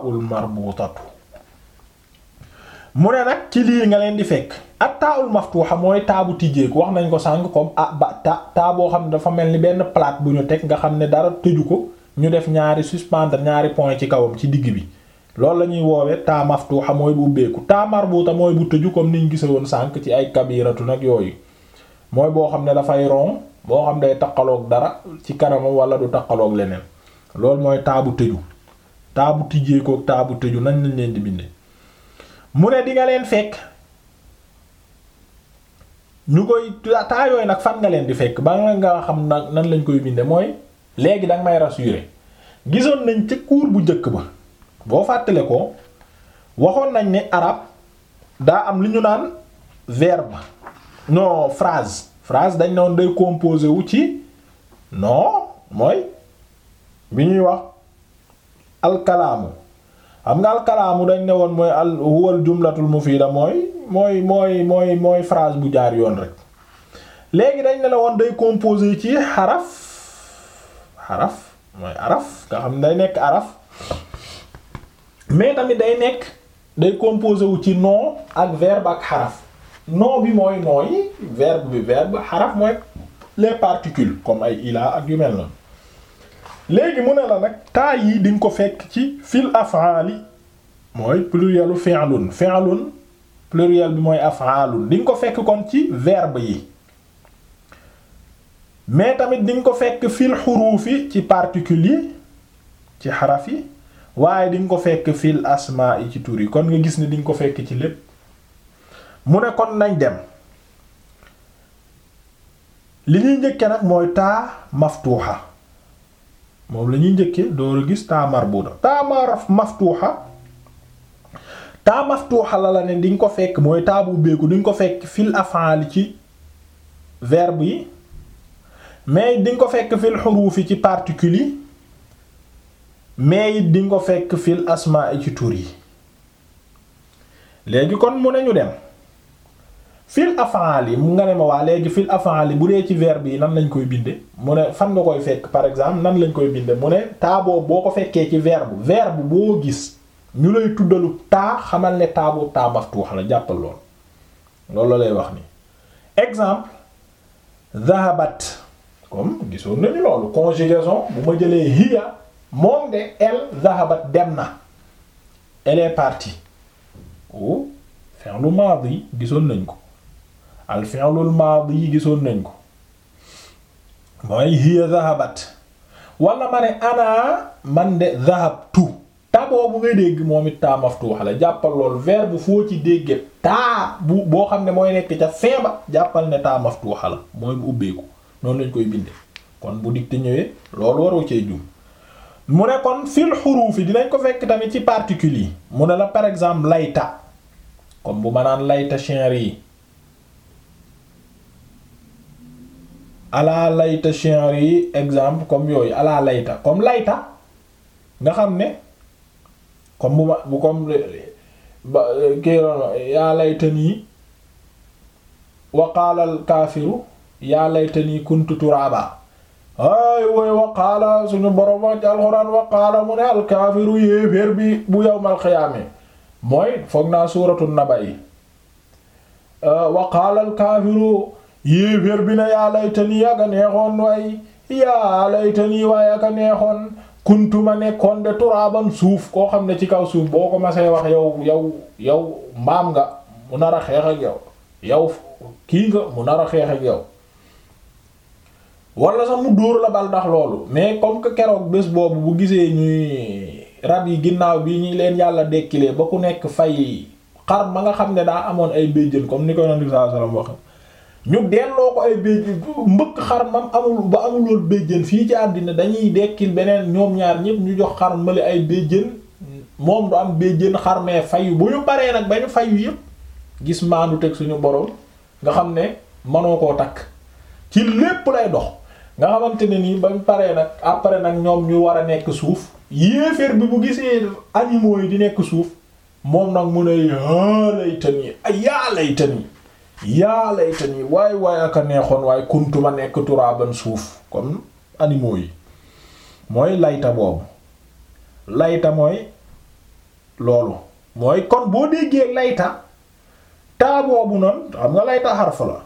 mu ne nag ci lii nga leen di fekk ak taaul maftuuxa mooy taabu tijjeeku wax nañ ko sànq ko ah ba taa boo xam ne dafa mel ni benn plate bu ñu teg nga xam ne dara tëju ko ñu def ñaari suspendre ñaari point ci kawam ci digg bi loolu la ñuy woowee taa maftuuxa mooy bu ubbeeku taa marbuuta mooy bu tëju comme niñ gise woon sànq ci ay kabiratu nag yooyu mooy boo xam ne dafay ron boo xam day taqaloog dara ci kanamam wala du taqaloog leneen loolu mooy bu tëju taabu tijjeekoog taabu tëju nañ lañ leen di binde mu ne di fekk ñu koy temps yooyu nag fan nga leen di fekk ba nga xam nag nan lañ koy bindee mooy léegi danga may rassurer gisoon nañ ca cours bu njëkk ba boo fàttale ko waxoon nañ ni arabe daa am li ñu naan verbe no phrase phrase dañ ne woon day composé wu ci no mooy bi ñuy wax alkalaamu xam nga al kalaamu dañ ne woon mooy al huwal jumlatul mufiida mooy mooy mooy mooy mooy phrase bu jaar yoon rek léegi dañ ne la woon day composé ci xaraf xaraf mooy araf nga xam ne day nekk araf mais tamit day nekk day composé wu ci nom ak verbe ak xaraf nom bi mooy nooyi verbe bi verbe xaraf mooy les particule comme ay ilaa ak yu mel noonu léegi mu ne la nag taa yi di nga ko fekk ci fil af'ali mooy plurielu fi'lun fi'lun pluriel bi mooy af'alun di nga ko fekk kon ci verbe yi mais tamit di nga ko fekk fil xuruufi ci particulier ci xarafi yi waaye di nga ko fekk fil asmaa yi ci tur yi kon nga gis ne di nga ko fekk ci lépp mu ne kon nañ dem li ñuy njëkke nag mooy taa maftuuxa moom la ñuy njëkkee door a gis taa marbuuta taa maftuuxa taa maftuuxa la la ne di nga ko fekk mooy taa bu ubbeeku di nga ko fekk fil af'aal ci verbe yi mais di nga ko fekk fil xuruuf yi ci particule yi mais it di nga ko fekk fil asmaa yi ci tur yi léegi kon mu ne ñu dem. fil afaali mu nga ne ma waa léegi fil afaali bu dee ci verbe yi nan lañ koy binde mu ne fan nga koy fekk par exemple nan lañ koy bindee mu ne taaboo boo ko fekkee ci verbe verbe boo gis ñu lay tuddalu taa xamal ne taa boobu taa maftuux la jàppal lool loolu lay wax ni exemple zahabat comme gisoon nañu loolu conjugaison bu ma jëlee hiya moom de elle dem na elle est partie ou fi'lu maadi gisoon nañ ko al fi'lul maadi yi gisoon nañ ko mooy hiya dhahabat wala ma ne ana man de dhahabtu ta boobu ngay dégg moom it taa la jàppal lool verbe foo ci déggee taa bu boo xam ne mooy nekk ca fin ba jàppal ne taa maftuuxa la mooy bu ubbeeku noonu lañ koy bindee kon bu digte ñëwee loolu waroo cee jum mu ne kon fil xuruuf yi dinañ ko fekk tamit ci particules yi mu ne la par exemple layta comme bu ma naan layta chenre yi ala layta shi'ri yi exemple comme yooyu ala layta comme layta nga xam ne comme bu ma bu comme ba kéroon yaa laytanii wa qaala kaafiru yaa laytanii kuntu turaaba ay woy wa suñu borom alxuraan wa mu ne al yéeféer bi bu yawmal xiyaame mooy foog naa suuratu naba yi wa kaafiru yéeféer bi ne yaa laytanii aka neexoon waay yaa laytanii waay aka neexoon kuntuma nekkoon de turaaban suuf koo xam ne ci kaw suuf boo ko masee wax yow yow yow mbaam nga mu nar a xeex ak yow yow kii nga mu nar a xeex ak yow wala sax mu dóor la bal ndax loolu mais comme que keroog bés boobu bu gisee ñuy rab yi ginnaaw bi ñu leen yàlla dekkilee ba ku nekk fay xar ma nga xam ne daa amoon ay béjjën comme ni ko Nabi sallallahu alayhi wasallam wax ñu delloo ko ay béjjén mbëkk xar mam amul ba amul woon béjjén fii ci àddina dañuy dekkil beneen ñoom ñaar ñëpp ñu jox xar mali ay béjjén moom du am béjjén xar mais fayu bu ñu baree nag ba ñu fayu yëpp gis maandu teg suñu boroom nga xam ne mënoo koo takk ci lépp lay dox nga xamante ni nii ba mu paree nag après nag ñoom ñu war a nekk suuf yéeféer bi bu gisee animaux yi di nekk suuf moom nag mu ne yaa lay tën yi ay yaa lay tën yi yaa laytani waay waay aka neexoon waaye ma nekk turaaban suuf kon animaux yi mooy layta boobu layta mooy loolu mooy kon boo déggee layta taa boobu noonu xam nga layta xarfa la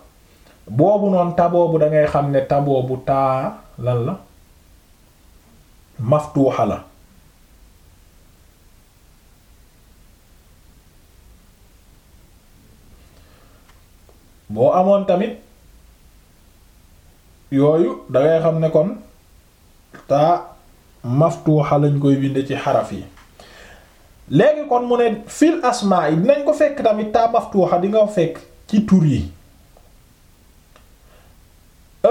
boobu noonu ta boobu xam ne ta boobu taa lan la maftuuxa la boo amoon tamit yooyu dangay xam ne kon taa maftuuxa lañ koy binde ci xaraf yi léegi kon mu ne fil asmaa yi dinañ ko fekk tamit taa maftuuxa di nga fekk ci tur yi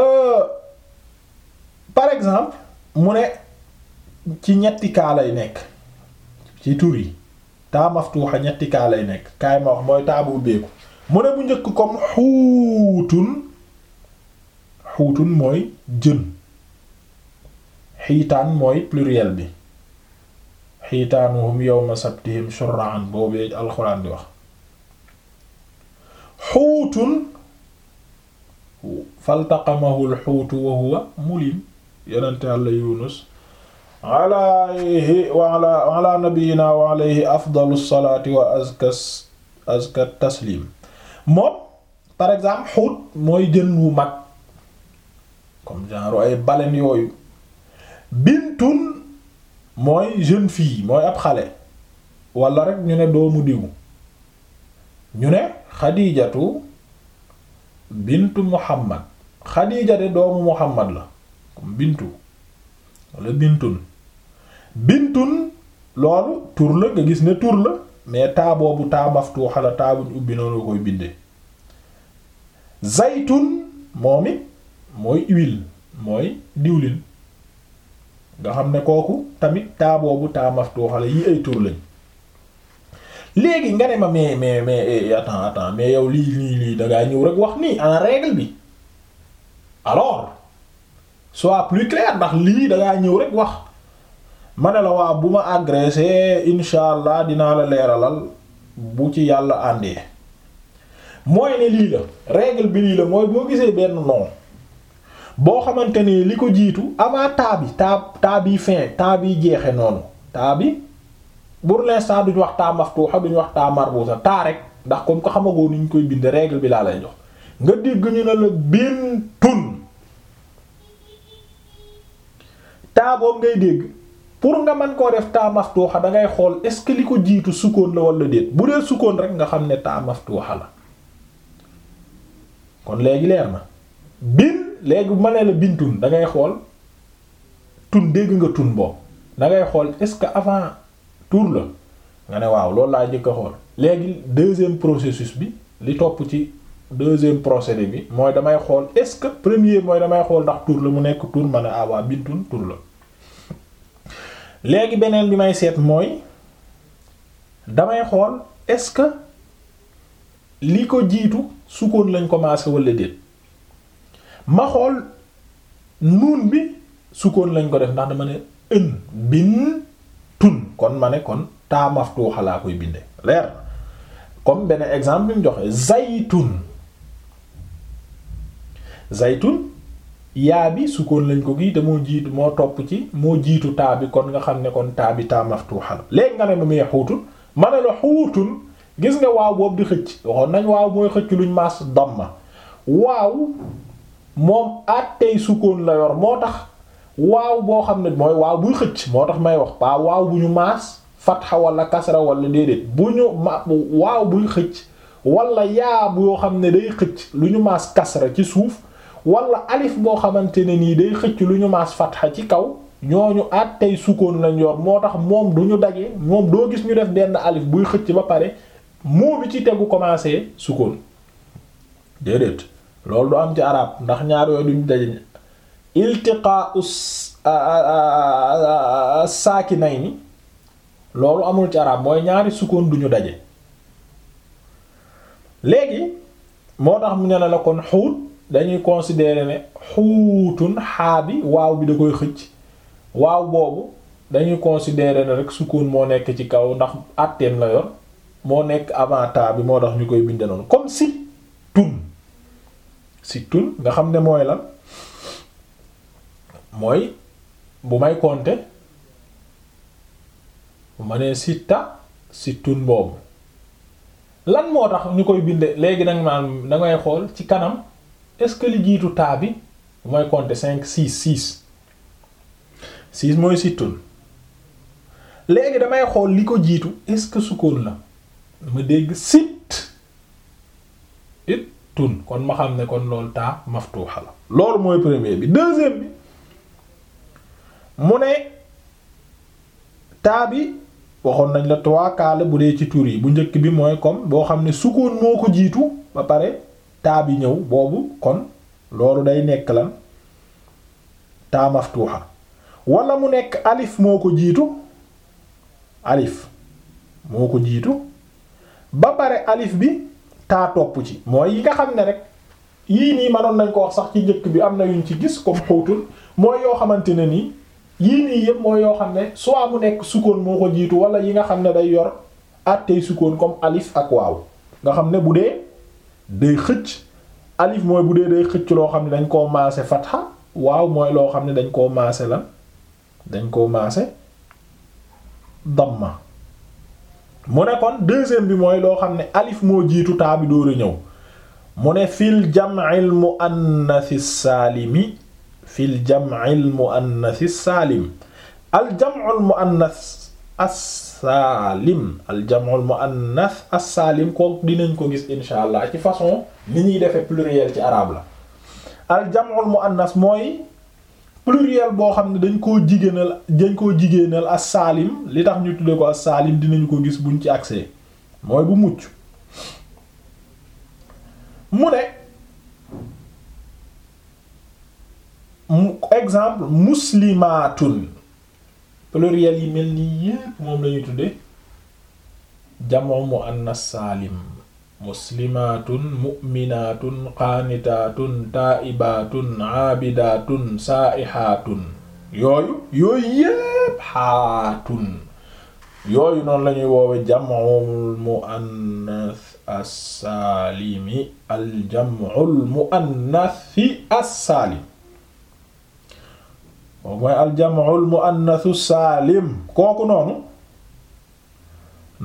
euh, par exemple mu ne ci ñetti kaa lay nekk ci tur yi taa maftuuxa ñetti kaa lay nekk kaay ma wax mooy taa bu mu ne bu njëkk comme xuutun xuutun mooy jën xiitaan mooy pluriel bi xiitaanuhum yawma sabtihim shur'an boobee alxuraan di wax xuutun faltaqamahu alxuutu wa huwa mulim yonente Yàlla Yunus alayhi wa ala wa ala nabiyyina wa alayhi afdalu salaati wa azka azka taslim moom par exemple xuut mooy jën wu mag comme genre ay baleine yooyu bintun mooy jeune fii mooy ab xale walla rek ñu ne doomu diw ñu ne xadijatu bintu muhammad xadija doomu muhammad la comme bintu wala bintun bintun loolu tur la nga gis ne tur la mais taa bu taa maftuuxa la taa buñ ubbi noonu koy bindee zaytun moom it mooy huile mooy diwlin nga xam ne kooku tamit taa bu taa maftuuxa la yi ay tur léegi nga ne ma mais mais mais eh, attends attends mais yow lii lii lii da ñëw rek wax nii en règle bi alors sois plus clair ndax lii da ñëw rek wax. ma ne la waa bu ma agressé incha allah dinaa la leeralal bu ci yàlla àndee mooy ne lii la règle bi lii la mooy boo gisee benn nom boo xamante ni li ko jiitu avant taa bi taa taa bi fin taa jeexe noonu taa bi pour l'instant duñu wax taa maftuha duñu wax taa marbuta taa rek ndax comme ko xamagoo ni ñu koy bind règle bi laa lay jox nga dégg ñu ne la bintun taa boobu ngay dégg. pour nga mën koo def taa maftuuxa da ngay xool est ce que li ko jiitu sukkoon la wala déet bu dee sukkoon rek nga xam ne taa maftuuxa la kon léegi leer na bin léegi bu ma nee la bintun da ngay xool tun dégg nga tun boobu da ngay xool est ce que avant tur la nga ne waaw loolu laa jëkk a xool léegi deuxième processus bi li topp ci deuxième procédé bi mooy damay xool est ce que premier mooy damay xool ndax tur la mu nekk tur ma ne ah waa bintun tur la. léegi beneen bi may seet mooy damay xool est-ce que li ko jiitu sukkoon lañ commencé walla déet ma xool nuun bi sukkoon lañ ko def ndax dama ne ën bin tun kon ma ne kon taa maftuuxa koy binde leer comme beneen exemple bi mu joxe zaytun zaytun yaa bi sukkoon lañ ko gi te moo jiitu moo topp ci moo jiitu taa bi kon nga xam ne kon taa bi taa maftuuxa la léegi nga ne ma muy xuutun ma ne la xuutun gis nga waaw boobu di xëcc waxoon nañ waaw mooy xëcc luñ maas damma waaw moom àttey sukkoon la yor moo tax waaw boo xam ne mooy waaw buy xëcc moo tax may wax paa waaw bu ñu maas fatxa wala kasra wala déedéet bu ñu ma waaw buy xëcc wala yaa yoo xam ne day xëcc lu ñu maas kasra ci suuf walla alif boo xamante ne nii day xëcc lu ñu maas fatxa ci kaw ñooñu at tey sukkoon lañ yor moo tax moom du ñu daje moom doo gis ñu def benn alif buy xëcc ba pare moo bi ci tegu commencé sukkoon déedéet loolu du am ci arab ndax ñaar yooyu duñu daje iltiqaa us ni loolu amul ci arab mooy ñaari sukkoon duñu daje léegi moo tax mu ne la kon xuut dañuy considérer ne xuutun xaa waaw bi da koy xëcc waaw boobu dañuy considérer ne rek sukkoon moo nekk ci kaw ndax àtteem la yor moo nekk avant bi moo tax ñu koy bindee noonu comme si tun si ne mooy lan mooy bu may bu ma sitta si tun boobu lan moo tax ñu koy bindee léegi nag maanaam dangay xool ci kanam est-ce que li jiitu taa bi mooy compter cinq six six six mooy sittun léegi damay xool li ko jiitu est-ce que sukkoon la ma dégg sit it tun kon ma xam ne kon loolu taa maftuuxa la loolu mooy premier bi deuxième bi mu ne taa bi waxoon nañ la trois cas bu dee ci tur yi bu njëkk bi mooy comme boo xam ne sukkoon moo ko jiitu ba pare taa bi ñëw boobu kon loolu day nekk lan taa maftuuxa wala mu nekk alif moo ko jiitu alif moo ko jiitu ba pare alif bi taa topp ci mooy yi nga xam ne rek yii nii manoon nañ ko wax sax ci njëkk bi am na yuñ ci gis comme xóotul mooy yoo xamante ne nii yii nii yëpp mooy yoo xam ne soit mu nekk sukkoon moo ko jiitu wala yi nga xam ne day yor àttey sukkoon comme alif ak waaw nga xam ne bu dee day xëcc alif mooy bu dee day xëcc loo xam ne dañ koo maase fatha waaw mooy loo xam ne dañ koo maase lan dañ koo maase damma mu ne kon deuxième bi mooy loo xam ne alif moo jiitu taa bi dóor a ñëw mu ne fil jam'il muannathi saalimi fil jam'il muannathi saalim al jam'ul muannath as saalim al jam'ul muannas as-saalim ko dinañ ko gis insha allah ci façon ni ñuy defee pluriel ci arabe la al mu muannas mooy pluriel boo xam ne dañ koo jigéenal dañ koo jigéenal as-saalim li tax ñu tuddee ko as-saalim dinañ ko gis buñ ci accès mooy bu mucc mu ne mu exemple muslimaatun pluriel yi mel nii yépp moom lañuy tudde jamoo mu annas saalim muslimaatun mu'minaatun qaanitaatun taa'ibaatun aabidaatun saa'ihaatun yooyu yooyu yépp xaatun yooyu noonu lañuy woowe jam'ul muannas as-saalimi al jam'ul muannas as-saalim boobu mooy aljamul muannasu saalim kooku noonu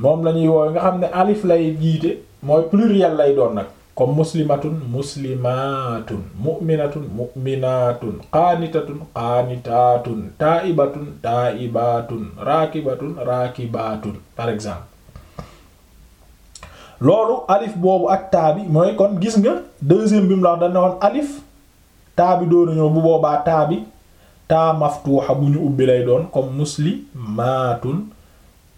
moom lañuy woowe nga xam ne alif lay jiite mooy pluriel lay doon nag comme muslimatun muslimatun mu'minatun mu'minatun qaanitatun qaanitatun taa'ibatun taa'ibatun raakibatun par exemple loolu alif boobu ak taa mooy kon gis nga deuxième bi mu la wax dañ alif taa bi doon bu boobaa taa bi taa maftuuxa bu ñu ubbi lay doon comme muslimaatun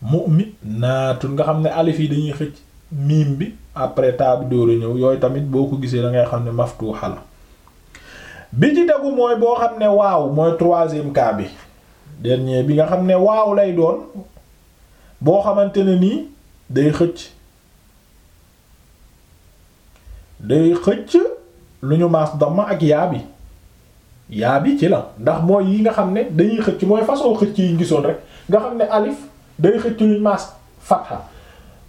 mu'minaatun nga xam ne alif yi dañuy xëcc miim bi après taa bi dóora ñëw yooyu tamit boo ko gisee da ngay xam ne maftuuxa la bi ci degu mooy boo xam ne waaw mooy troisième cas bi dernier bi nga xam ne waaw lay doon boo xamante ne nii day xëcc day xëcc lu ñu maas domm ak yaa bi yaa bi ci la ndax mooy yi nga xam ne dañuy xëcc mooy façon xëcc yu ñu rek nga xam ne alif day xëcc lu ñu maas fatha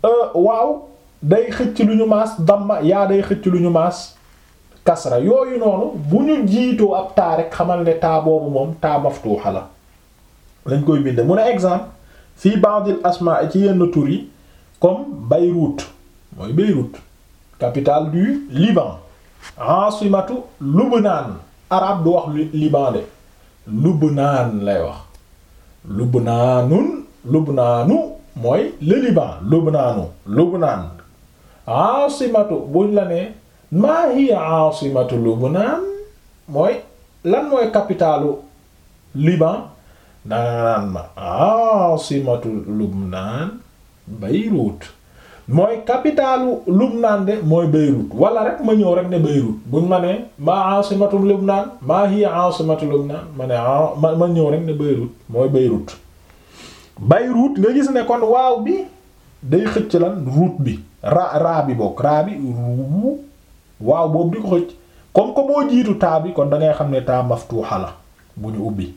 euh, waaw day xëcc lu ñu maas damma yaa day xëcc lu ñu maas kasra yooyu noonu bu ñu jiitoo ab taa rek xamal ne taa boobu moom taa maftuuxa la lañ koy binde mu ne exemple fii ba'dil asmaa ci yenn tur yi comme Beyrouth mooy Beyrouth capitale du Liban asimatu Lubnaan arab du wax libaande Lubnaan lay wax Lubnaanun Lubnaanu mooy le Liban Lubnaanu Lubnaan aasimatu buñ la nee maa hiya aasimatu Lubnaan mooy lan mooy capitalu Liban danga naan ma aasimatu Lubnaan Beyrouth mooy capitalu Lubnaan de mooy Beyrouth wala rek ma ñëw rek ne Beyrouth buñ ma ne maa asimatu Lubnaan maa hiya asimatu Lubnaan ma ne ah, ma ma ñëw rek ne Beyrouth mooy Beyrouth Beyrouth nga gis ne kon waaw bi day xëcc lan route bi ra raa bi bokk raa bi ruu waaw boobu di ko xëcc comme que moo jiitu taa bi kon da ngay xam ne taa maftuuxa la bu ñu ubbi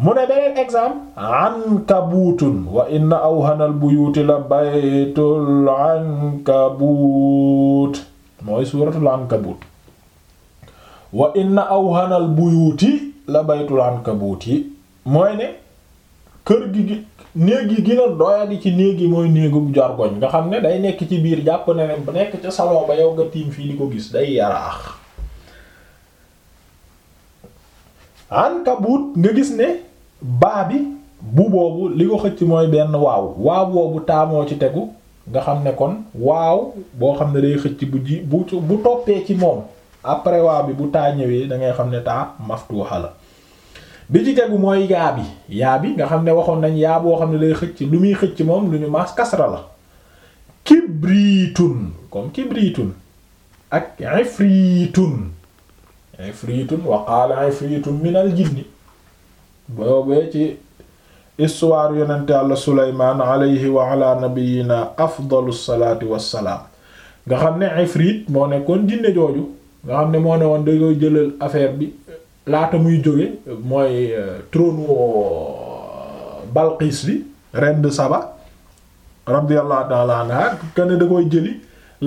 mu ne beneen exemple ankabuutun wa inna awhanal buyuuti la baytul ankabuut mooy suuratul ankabuut wa inna bu buyuuti la baytul ankabuut yi mooy ne kër gi gi néeg yi gën a yi ci néeg yi mooy néegum jargoñ nga xam ne day nekk ci biir jàpp ne bu nekk ca salon ba yow nga tiim fii di ko gis day yaraax ankabut nga gis ne baa bi bu boobu li ko xëcc mooy benn waaw waaw boobu taamoo ci tegu nga xam ne kon waaw boo xam ne day xëcc bu ji bu bu toppee ci moom après waaw bi bu taa ñëwee da ngay xam ne taa maftuha la bi ci tegu mooy yaa bi yaa bi nga xam ne waxoon nañ yaa boo xam ne day xëcc lu muy xëcc moom lu ñu maas kasra la kibriitun comme kibriitun ak ifriitun ifritun wa qaala ifritun minal jinni boobee ci histoire yonent Yàlla Suleymaan alayhi wa ala nabiyyina afdalu salaati wassalaam nga xam ne ifrit moo nekkoon jinne jooju nga xam ne moo ne woon dañoo jëlal affaire bi laata muy jóge mooy euh, trône euh, Balqiis bi reine de Saba radiyallahu ta'ala anha kenn da koy jëli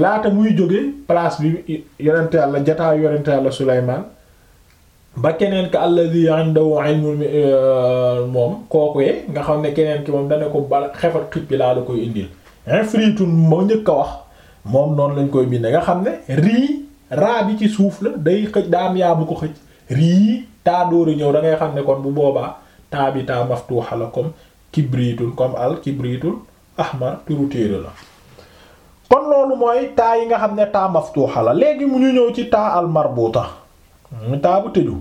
laata muy jóge place bi yonente la jataayu yonente yàlla Sulaymaan ba keneen ka alladhi indahu ilmul eh, moom kooku nga xam ne keneen ki moom dana ko bal xefal xib laa la koy indil ifritun moo njëkk a wax moom noonu lañ koy bindee nga xam ne rii raa bi ci suuf la day xëj daa am yaa ko xëj rii taa dóori ñëw da ngay xam ne kon bu boobaa taa bi taa maftuuxa la comme kibritun comme al kibritun ahmar turu téere la kon loolu mooy taa yi nga xam ne taa maftuuxa la léegi mu ñu ñëw ci taa al marbuuta mu taa bu tëju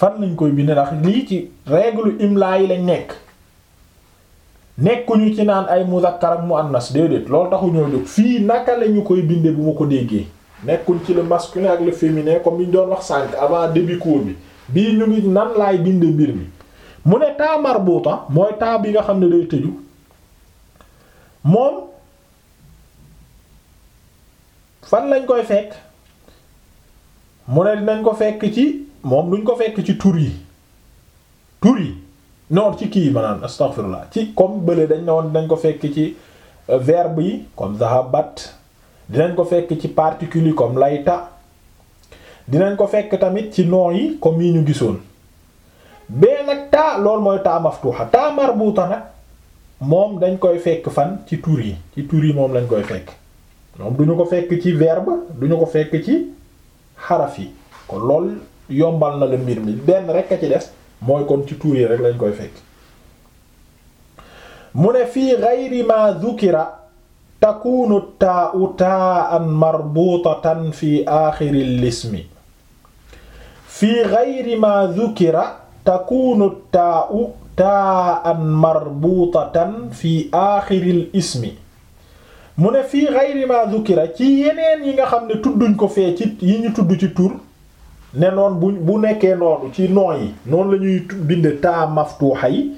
fan lañ koy bindee ndax lii ci reglu imla yi lañ nekk nekkuñu ci naan ay muzakkar ak muannas déedéet loolu taxu ñoo jóg fii naka lañu koy bindee bu ma ko déggee nekkuñ ci le masculin ak le féminin comme bi ñu doon wax sànq avant début cours bi bii ñu ngi nan laay binde mbir mi mu ne taa marbuuta mooy taa bi nga xam ne day tëju moom fan lañ koy fekk mu ne dinañ ko fekk ci moom duñ ko fekk ci tur yi tur yi noor ci kii maanaam astaghfirullah ci comme bële dañ ne woon dinañ ko fekk ci euh, verbe yi comme zahabat dinañ ko fekk ci particule yi comme layta dinañ ko fekk tamit ci noo yi comme yi ñu gisoon bee nag taa lool mooy taa maftuha taa marbuta nag moom dañ koy fekk fan ci tur yi ci tur yi moom lañ koy fekk ñoom du ñu ko fekk ci verbe du ñu ko fekk ci xaraf yi kon lool yombal na la mbir mi benn rekk a ci des mooy kon ci tuur yi rek lañ koy fekk mu ne fii ghayri ma dhukira takunu taa u taa an marbutatan fi aaxiri lismi fii ghayri taa taa an fi aaxiri ismi mu ne fii ghayri ma dhukira ci yeneen yi nga xam ne tudduñ ko fee ci yi ñu tudd ci tur ne noon bu bu nekkee noonu ci noon yi noonu la ñuy bind taa maftuuxa yi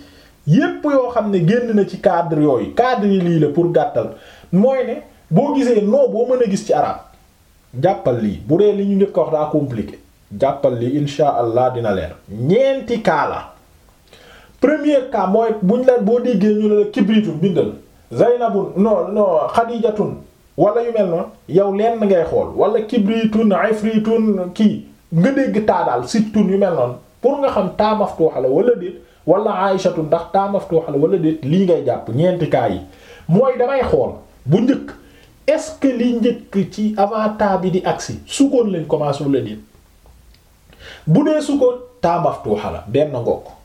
yépp yoo xam ne génn na ci cadre yooyu cadre yi lii la pour gàttal mooy ne boo gisee noo boo mën a gis ci arab jàppal lii bu dee li ñu njëkk a wax daa jàppal lii insha allah dina leer ñeenti cas la premier cas buñ la boo déggee ñu ne la kibritu bindal zaynabun no non xadijatun wala yu mel noon yow lenn ngay xool wala kibritun ifritun kii nga dégg taa daal sittun yu mel noon pour nga xam taa maftuuxa la wala déet wala aïshatun ndax taa maftuuxa la wala déet lii ngay jàpp ñeenti yi mooy damay xool bu njëkk est-ce que li njëkk ci avant taa bi di agsi sukkoon leen commencé wala déet bu dee sukkoon taa maftuuxa la benn ngokk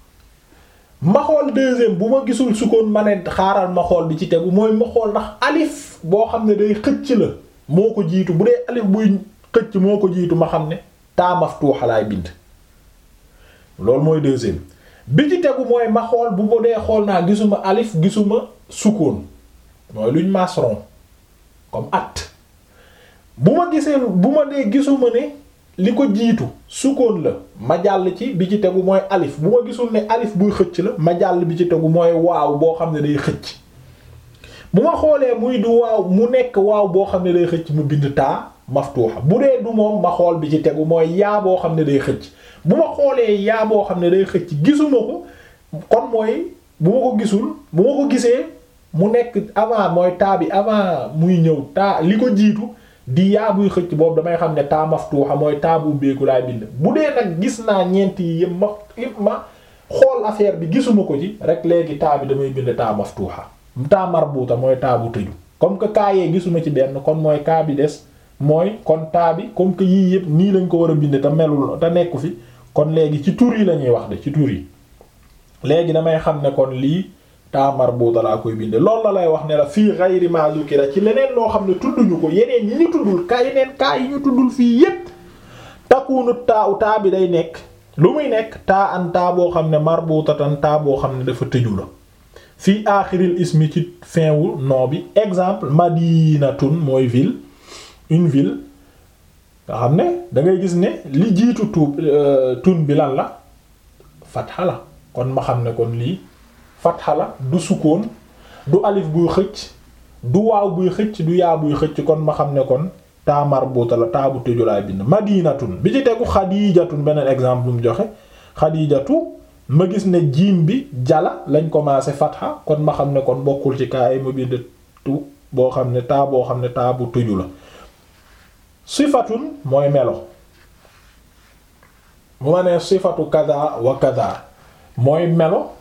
ma xool deuxième bu ma gisul sukkoon ma ne xaaral ma xool bi ci tegu mooy ma xool ndax alif boo xam ne day xëcc la moo ko jiitu bu dee alif buy xëcc moo ko jiitu ma xam ne taa maftuuha bind loolu mooy deuxième bi ci tegu mooy ma xool bu ma dee xool naa gisuma alif gisuma sukkoon mooy luñ masron comme at bu ma gisee bu ma dee gisuma ne li ko jiitu sukkoon la ma jàll ci bi ci tegu mooy alif bu ma gisul ne alif buy xëcc la ma jàll bi ci tegu mooy waaw boo xam ne day xëcc bu ma xoolee muy du mu nekk waaw boo xam ne day xëcc mu bind taa maftuuxa bu dee du moom ma xool bi ci tegu mooy yaa boo xam ne day xëcc bu ma xoolee yaa boo xam ne day xëcc gisuma ko kon mooy bu ma ko gisul bu ma ko gisee mu nekk avant mooy taa bi avant muy ñëw taa li ko jiitu di yaa buy xëcc boobu damay xam ne taa maftuuxa mooy taabu beeku laay bind bu dee nag gis naa ñeent yi yëpp ma ma xool affaire bi gisuma ko ci rek léegi taa bi damay bind taa maftuuxa taa marbuuta mooy taabu tëju comme que kaa yee gisuma ci benn comme mooy kaa bi des mooy kon taa bi comme que yii yëpp nii lañ ko war a bind te melul te nekku fi kon léegi ci tur yi la ñuy wax de ci tur yi léegi damay xam ne kon lii taa marbuuta laa koy binde lool la lay wax ne la fii ghayri ma zukira ci leneen loo xam ne tudduñu ko yeneen yi ñu tuddul kaa yeneen kaa yi ñu tuddul fii yëpp takunu taa u bi day nekk lu muy nekk taa an taa boo xam ne marbuutatan taa boo xam ne dafa tëju la fii aaxiril ismi ci fin wu nom bi exemple madinatun mooy ville une ville nga xam ne dangay gis ne li jiitu tuub euh, tun bi lan la fatha la kon ma xam ne kon lii fatxa la du sukkoon du alif buy xëcc du waaw buy xëcc du yaa xëcc kon ma xam ne kon taa marbuuta la taa bu tëju laay bind madinatun bi ci tegu xadiijatun beneen exemple bu mu joxe xadiijatu ma gis ne jiim bi jala lañ commencé fatxa kon ma xam ne kon bokkul ci kaay ma bind tu boo xam ne taa boo xam ne taa bu tëju la sifatun mooy melo bu ma nee sifatu kada wa kada mooy melo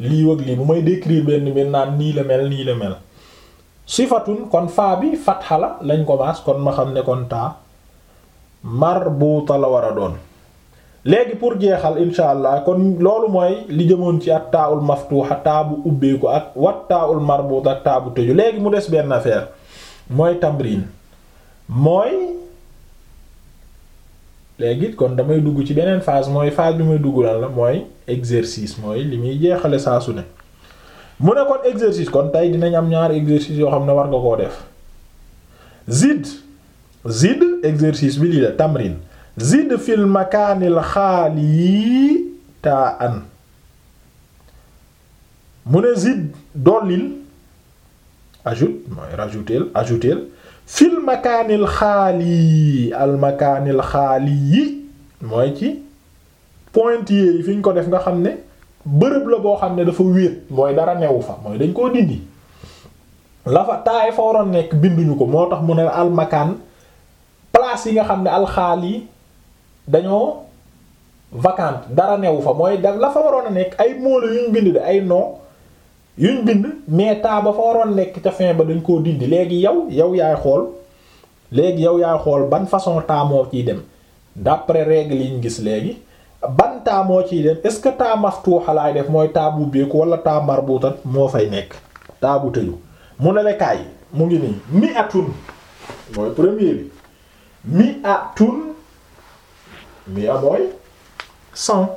lii ak lii bu may décrire benn mbir naan nii la mel nii la mel sifatun kon faa bi fatxa la lañ ko maas kon ma xam ne kon taa marbuuta la war a doon léegi pour jeexal insha allah kon loolu mooy li jëmoon ci ak taa ul maftuuxa taa bu ubbeeku ak wat taa ul marbuuta ak taa bu tëju léegi mu des benn affaire mooy tamrin mooy léegi kon damay dugg ci beneen phase mooy phase bi may dugg lan la mooy exercice mooy li muy jeexale saa su ne mu ne kon exercice kon tey dinañ am ñaari exercice yoo xam ne war nga koo def zid zid exercice bi lii la tamrin zid fil makaanil xaali yi taa an mu ne zid dollil ajoute mooy rajoutel ajoutel fil makaanil xaali al makaanil xaali yi mooy ci pointillés yi fiñ ko def nga xam ne bërëb la boo xam ne dafa wéet mooy dara newu fa mooy dañ koo dindi la fa taay fa waroon nekk binduñu ko moo tax mu ne al makaan place yi nga xam ne alxaali dañoo vacante dara newu fa mooy da la fa waroon a nekk ay moole yu bind de ay non yuñ bind mais taa ba fa waroon lekk ca fin ba dañ koo dindi léegi yow yow yaay xool léegi yow yaay xool ban façon taamoor moo ciy dem d'après règle yi gis léegi ban taa moo ciy dem est-ce que taa maftuuxa def mooy taabu bu beeku wala taa marbuutat moo fay nekk taa bu tëju mu ne la mu ngi nii mi atun mooy premier bi mi atun mi mooy cent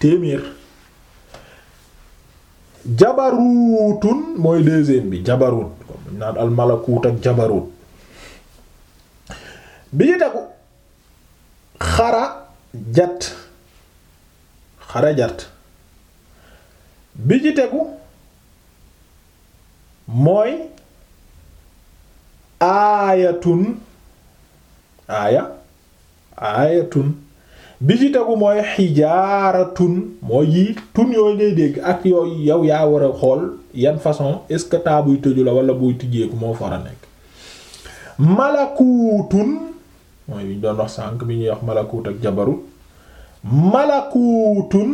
téeméer jabarutun mooy deuxième bi jabarut comme naan al malakut ak jabarut bi ñu tegu xara jat xara jat bi ci tegu mooy aayatun aaya aayatun bi ci tegu mooy xijaaratun mooy yii tun yooyu ngay dégg ak yooyu yow yaa war a xool yan façon est-ce que taa buy tëju la wala buy tijjeeku moo far a nekk malakutun mooy doon wax sànq bi ñuy wax malakuut ak jabarut malakutun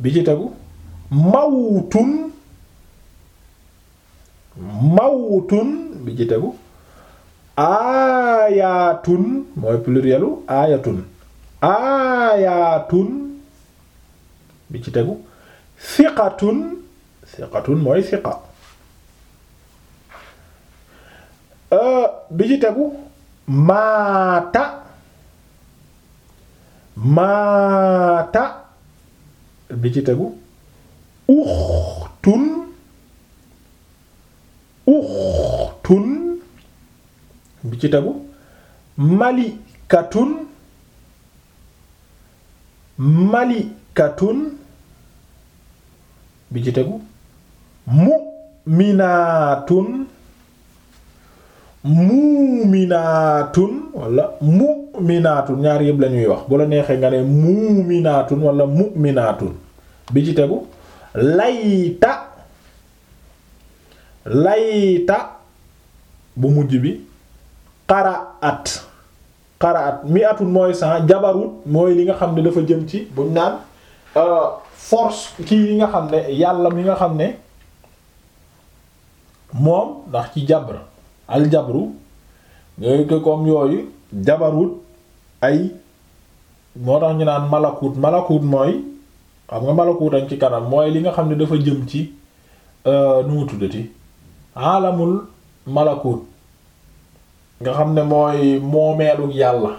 bi ci tegu mawtun mawtun bi ci tegu aayatun mooy plurielu aayatun aayatun bi ci tegu siqatun siqatun mooy siqa euh, bi ci tegu maata maata bi ci tegu uxtun uxtun bi ci tegu malikatun malikatun bi ci tegu mu'minaatun muuminaatun wala mu'minaatun ñaar yëpp lañuy wax bu la neexee nga ne muuminaatun wala mu'minaatun bi ci tegu layta layta bu mujj bi qaraat xaraat mi atun mooy cent jabarut mooy li nga xam ne dafa jëm ci buñ naan euh, force kii yi nga xam ne yàlla mi nga xam ne moom ndax ci jabr al jabru yooyu ko yooyu jabarut ay moo tax ñu naan malakut malakut mooy xam nga malakut dañ ci kanam mooy li nga xam ne dafa jëm ci euh, nu mu tuddati alamul malakut nga xam ne mooy moomeelu yàlla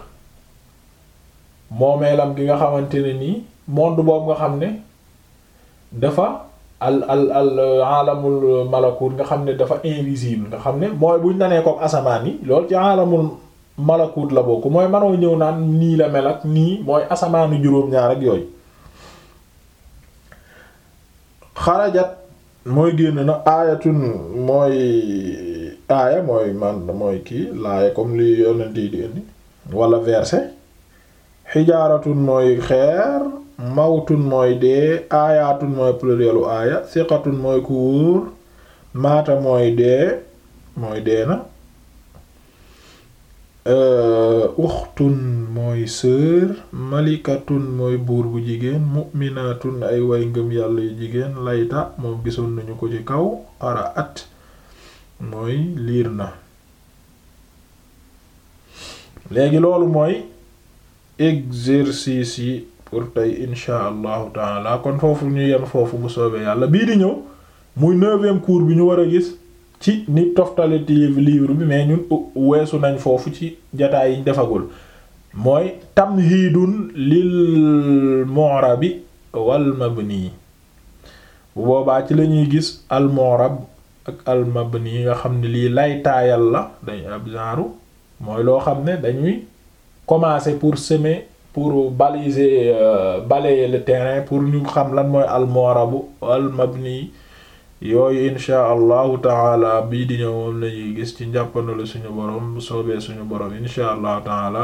moomeelam gi nga xamante ne nii monde boobu nga xam ne dafa al al al euh, alamul malakut nga xam ne dafa invisible nga xam ne mooy buñ na nee ko asamaan yi loolu ci alamul malakut la bokk mooy manoo ñëw naan nii la mel nii mooy asamaanu juróom-ñaar ak yooyu xarajat mooy génn na aayatun mooy aaya mooy man mooy kii laaya comme li yonent yi di indi wala verset xijaaratun mooy xeer mawtun mooy dee aayatun mooy pluriel aaya siqatun mooy ku maata mooy dee mooy dee na uxtun mooy sœur malikatun mooy buur bu jigéen mu'minatun ay way ngëm yàlla yu jigéen layta moom gisoon nañu ko ci kaw qaraat mooy liir na léegi loolu mooy exercice yi pour tey insha allahu taala kon foofu ñu yem foofu bu soobee yàlla bii di ñëw muy neuvième cours bi ñu war a gis ci ni toftale ti livre bi mais ñun weesu nañ foofu ci jataay yiñ defagul mooy tamhidun lil mu'rabi wal mabni bu boobaa ci lañuy gis al mu'rab ak almabni yi nga xam ne lii lay taayal la dañ ab genre mooy loo xam ne dañuy commencer pour semer pour baliser euh, balayer le terrain pour ñu xam lan mooy almoorabu almabni yooyu insha allahu taala bii di ñëw lañuy gis ci njàppana la suñu borom soobee suñu borom insha allahu taala